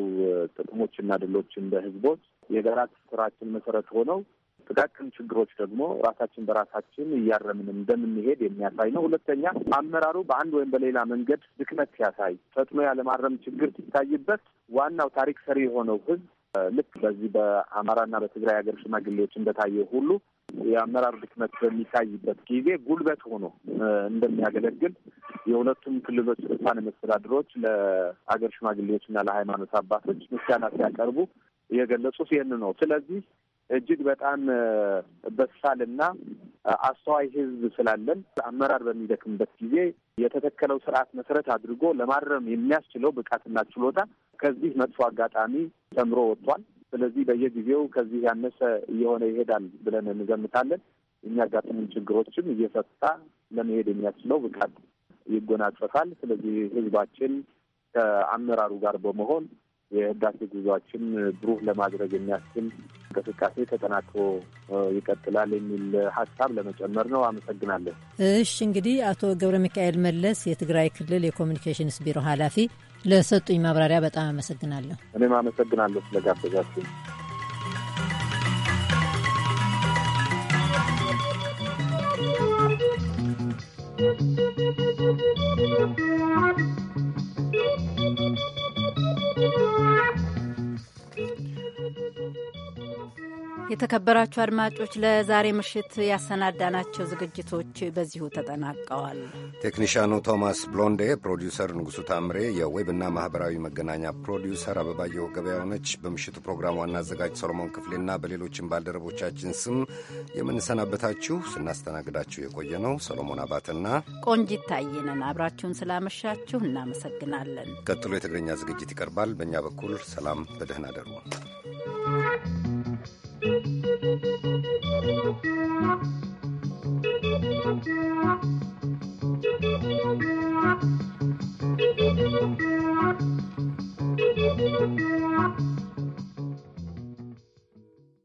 ጥቅሞችና ድሎችን እንደ የጋራ ትስስራችን መሰረት ሆነው ጥቃቅን ችግሮች ደግሞ ራሳችን በራሳችን እያረምን እንደምንሄድ የሚያሳይ ነው። ሁለተኛ አመራሩ በአንድ ወይም በሌላ መንገድ ድክመት ሲያሳይ፣ ፈጥኖ ያለማረም ችግር ሲታይበት ዋናው ታሪክ ሰሪ የሆነው ህዝብ ልክ በዚህ በአማራና በትግራይ ሀገር ሽማግሌዎች እንደታየው ሁሉ የአመራር ድክመት በሚታይበት ጊዜ ጉልበት ሆኖ እንደሚያገለግል የሁለቱም ክልሎች ርዕሳነ መስተዳድሮች ለአገር ሽማግሌዎችና ለሃይማኖት አባቶች ምስጋና ሲያቀርቡ የገለጹት ይህን ነው። ስለዚህ እጅግ በጣም በሳልና አስተዋይ ህዝብ ስላለን አመራር በሚደክምበት ጊዜ የተተከለው ስርዓት መሰረት አድርጎ ለማረም የሚያስችለው ብቃትና ችሎታ ከዚህ መጥፎ አጋጣሚ ተምሮ ወጥቷል። ስለዚህ በየጊዜው ከዚህ ያነሰ እየሆነ ይሄዳል ብለን እንገምታለን። የሚያጋጥሙን ችግሮችም እየፈታ ለመሄድ የሚያስችለው ብቃት ይጎናጸፋል። ስለዚህ ህዝባችን ከአመራሩ ጋር በመሆን የህዳሴ ጉዟችን ብሩህ ለማድረግ የሚያስችል እንቅስቃሴ ተጠናክሮ ይቀጥላል የሚል ሀሳብ ለመጨመር ነው። አመሰግናለሁ። እሽ እንግዲህ አቶ ገብረ ሚካኤል መለስ የትግራይ ክልል የኮሚኒኬሽንስ ቢሮ ኃላፊ ለሰጡኝ ማብራሪያ በጣም አመሰግናለሁ። እኔም አመሰግናለሁ ስለጋበዛችሁ። thank you የተከበራችሁ አድማጮች ለዛሬ ምሽት ያሰናዳናቸው ዝግጅቶች በዚሁ ተጠናቀዋል። ቴክኒሻኑ ቶማስ ብሎንዴ፣ ፕሮዲውሰር ንጉሡ ታምሬ፣ የዌብና ማኅበራዊ መገናኛ ፕሮዲውሰር አበባየሁ ገበያው ነች። በምሽቱ ፕሮግራም ዋና አዘጋጅ ሰሎሞን ክፍሌና በሌሎችም ባልደረቦቻችን ስም የምንሰናበታችሁ ስናስተናግዳችሁ የቆየ ነው ሰሎሞን አባትና ቆንጂት ታየነን። አብራችሁን ስላመሻችሁ እናመሰግናለን። ቀጥሎ የትግርኛ ዝግጅት ይቀርባል። በእኛ በኩል ሰላም፣ በደህና አደሩ። Gracias.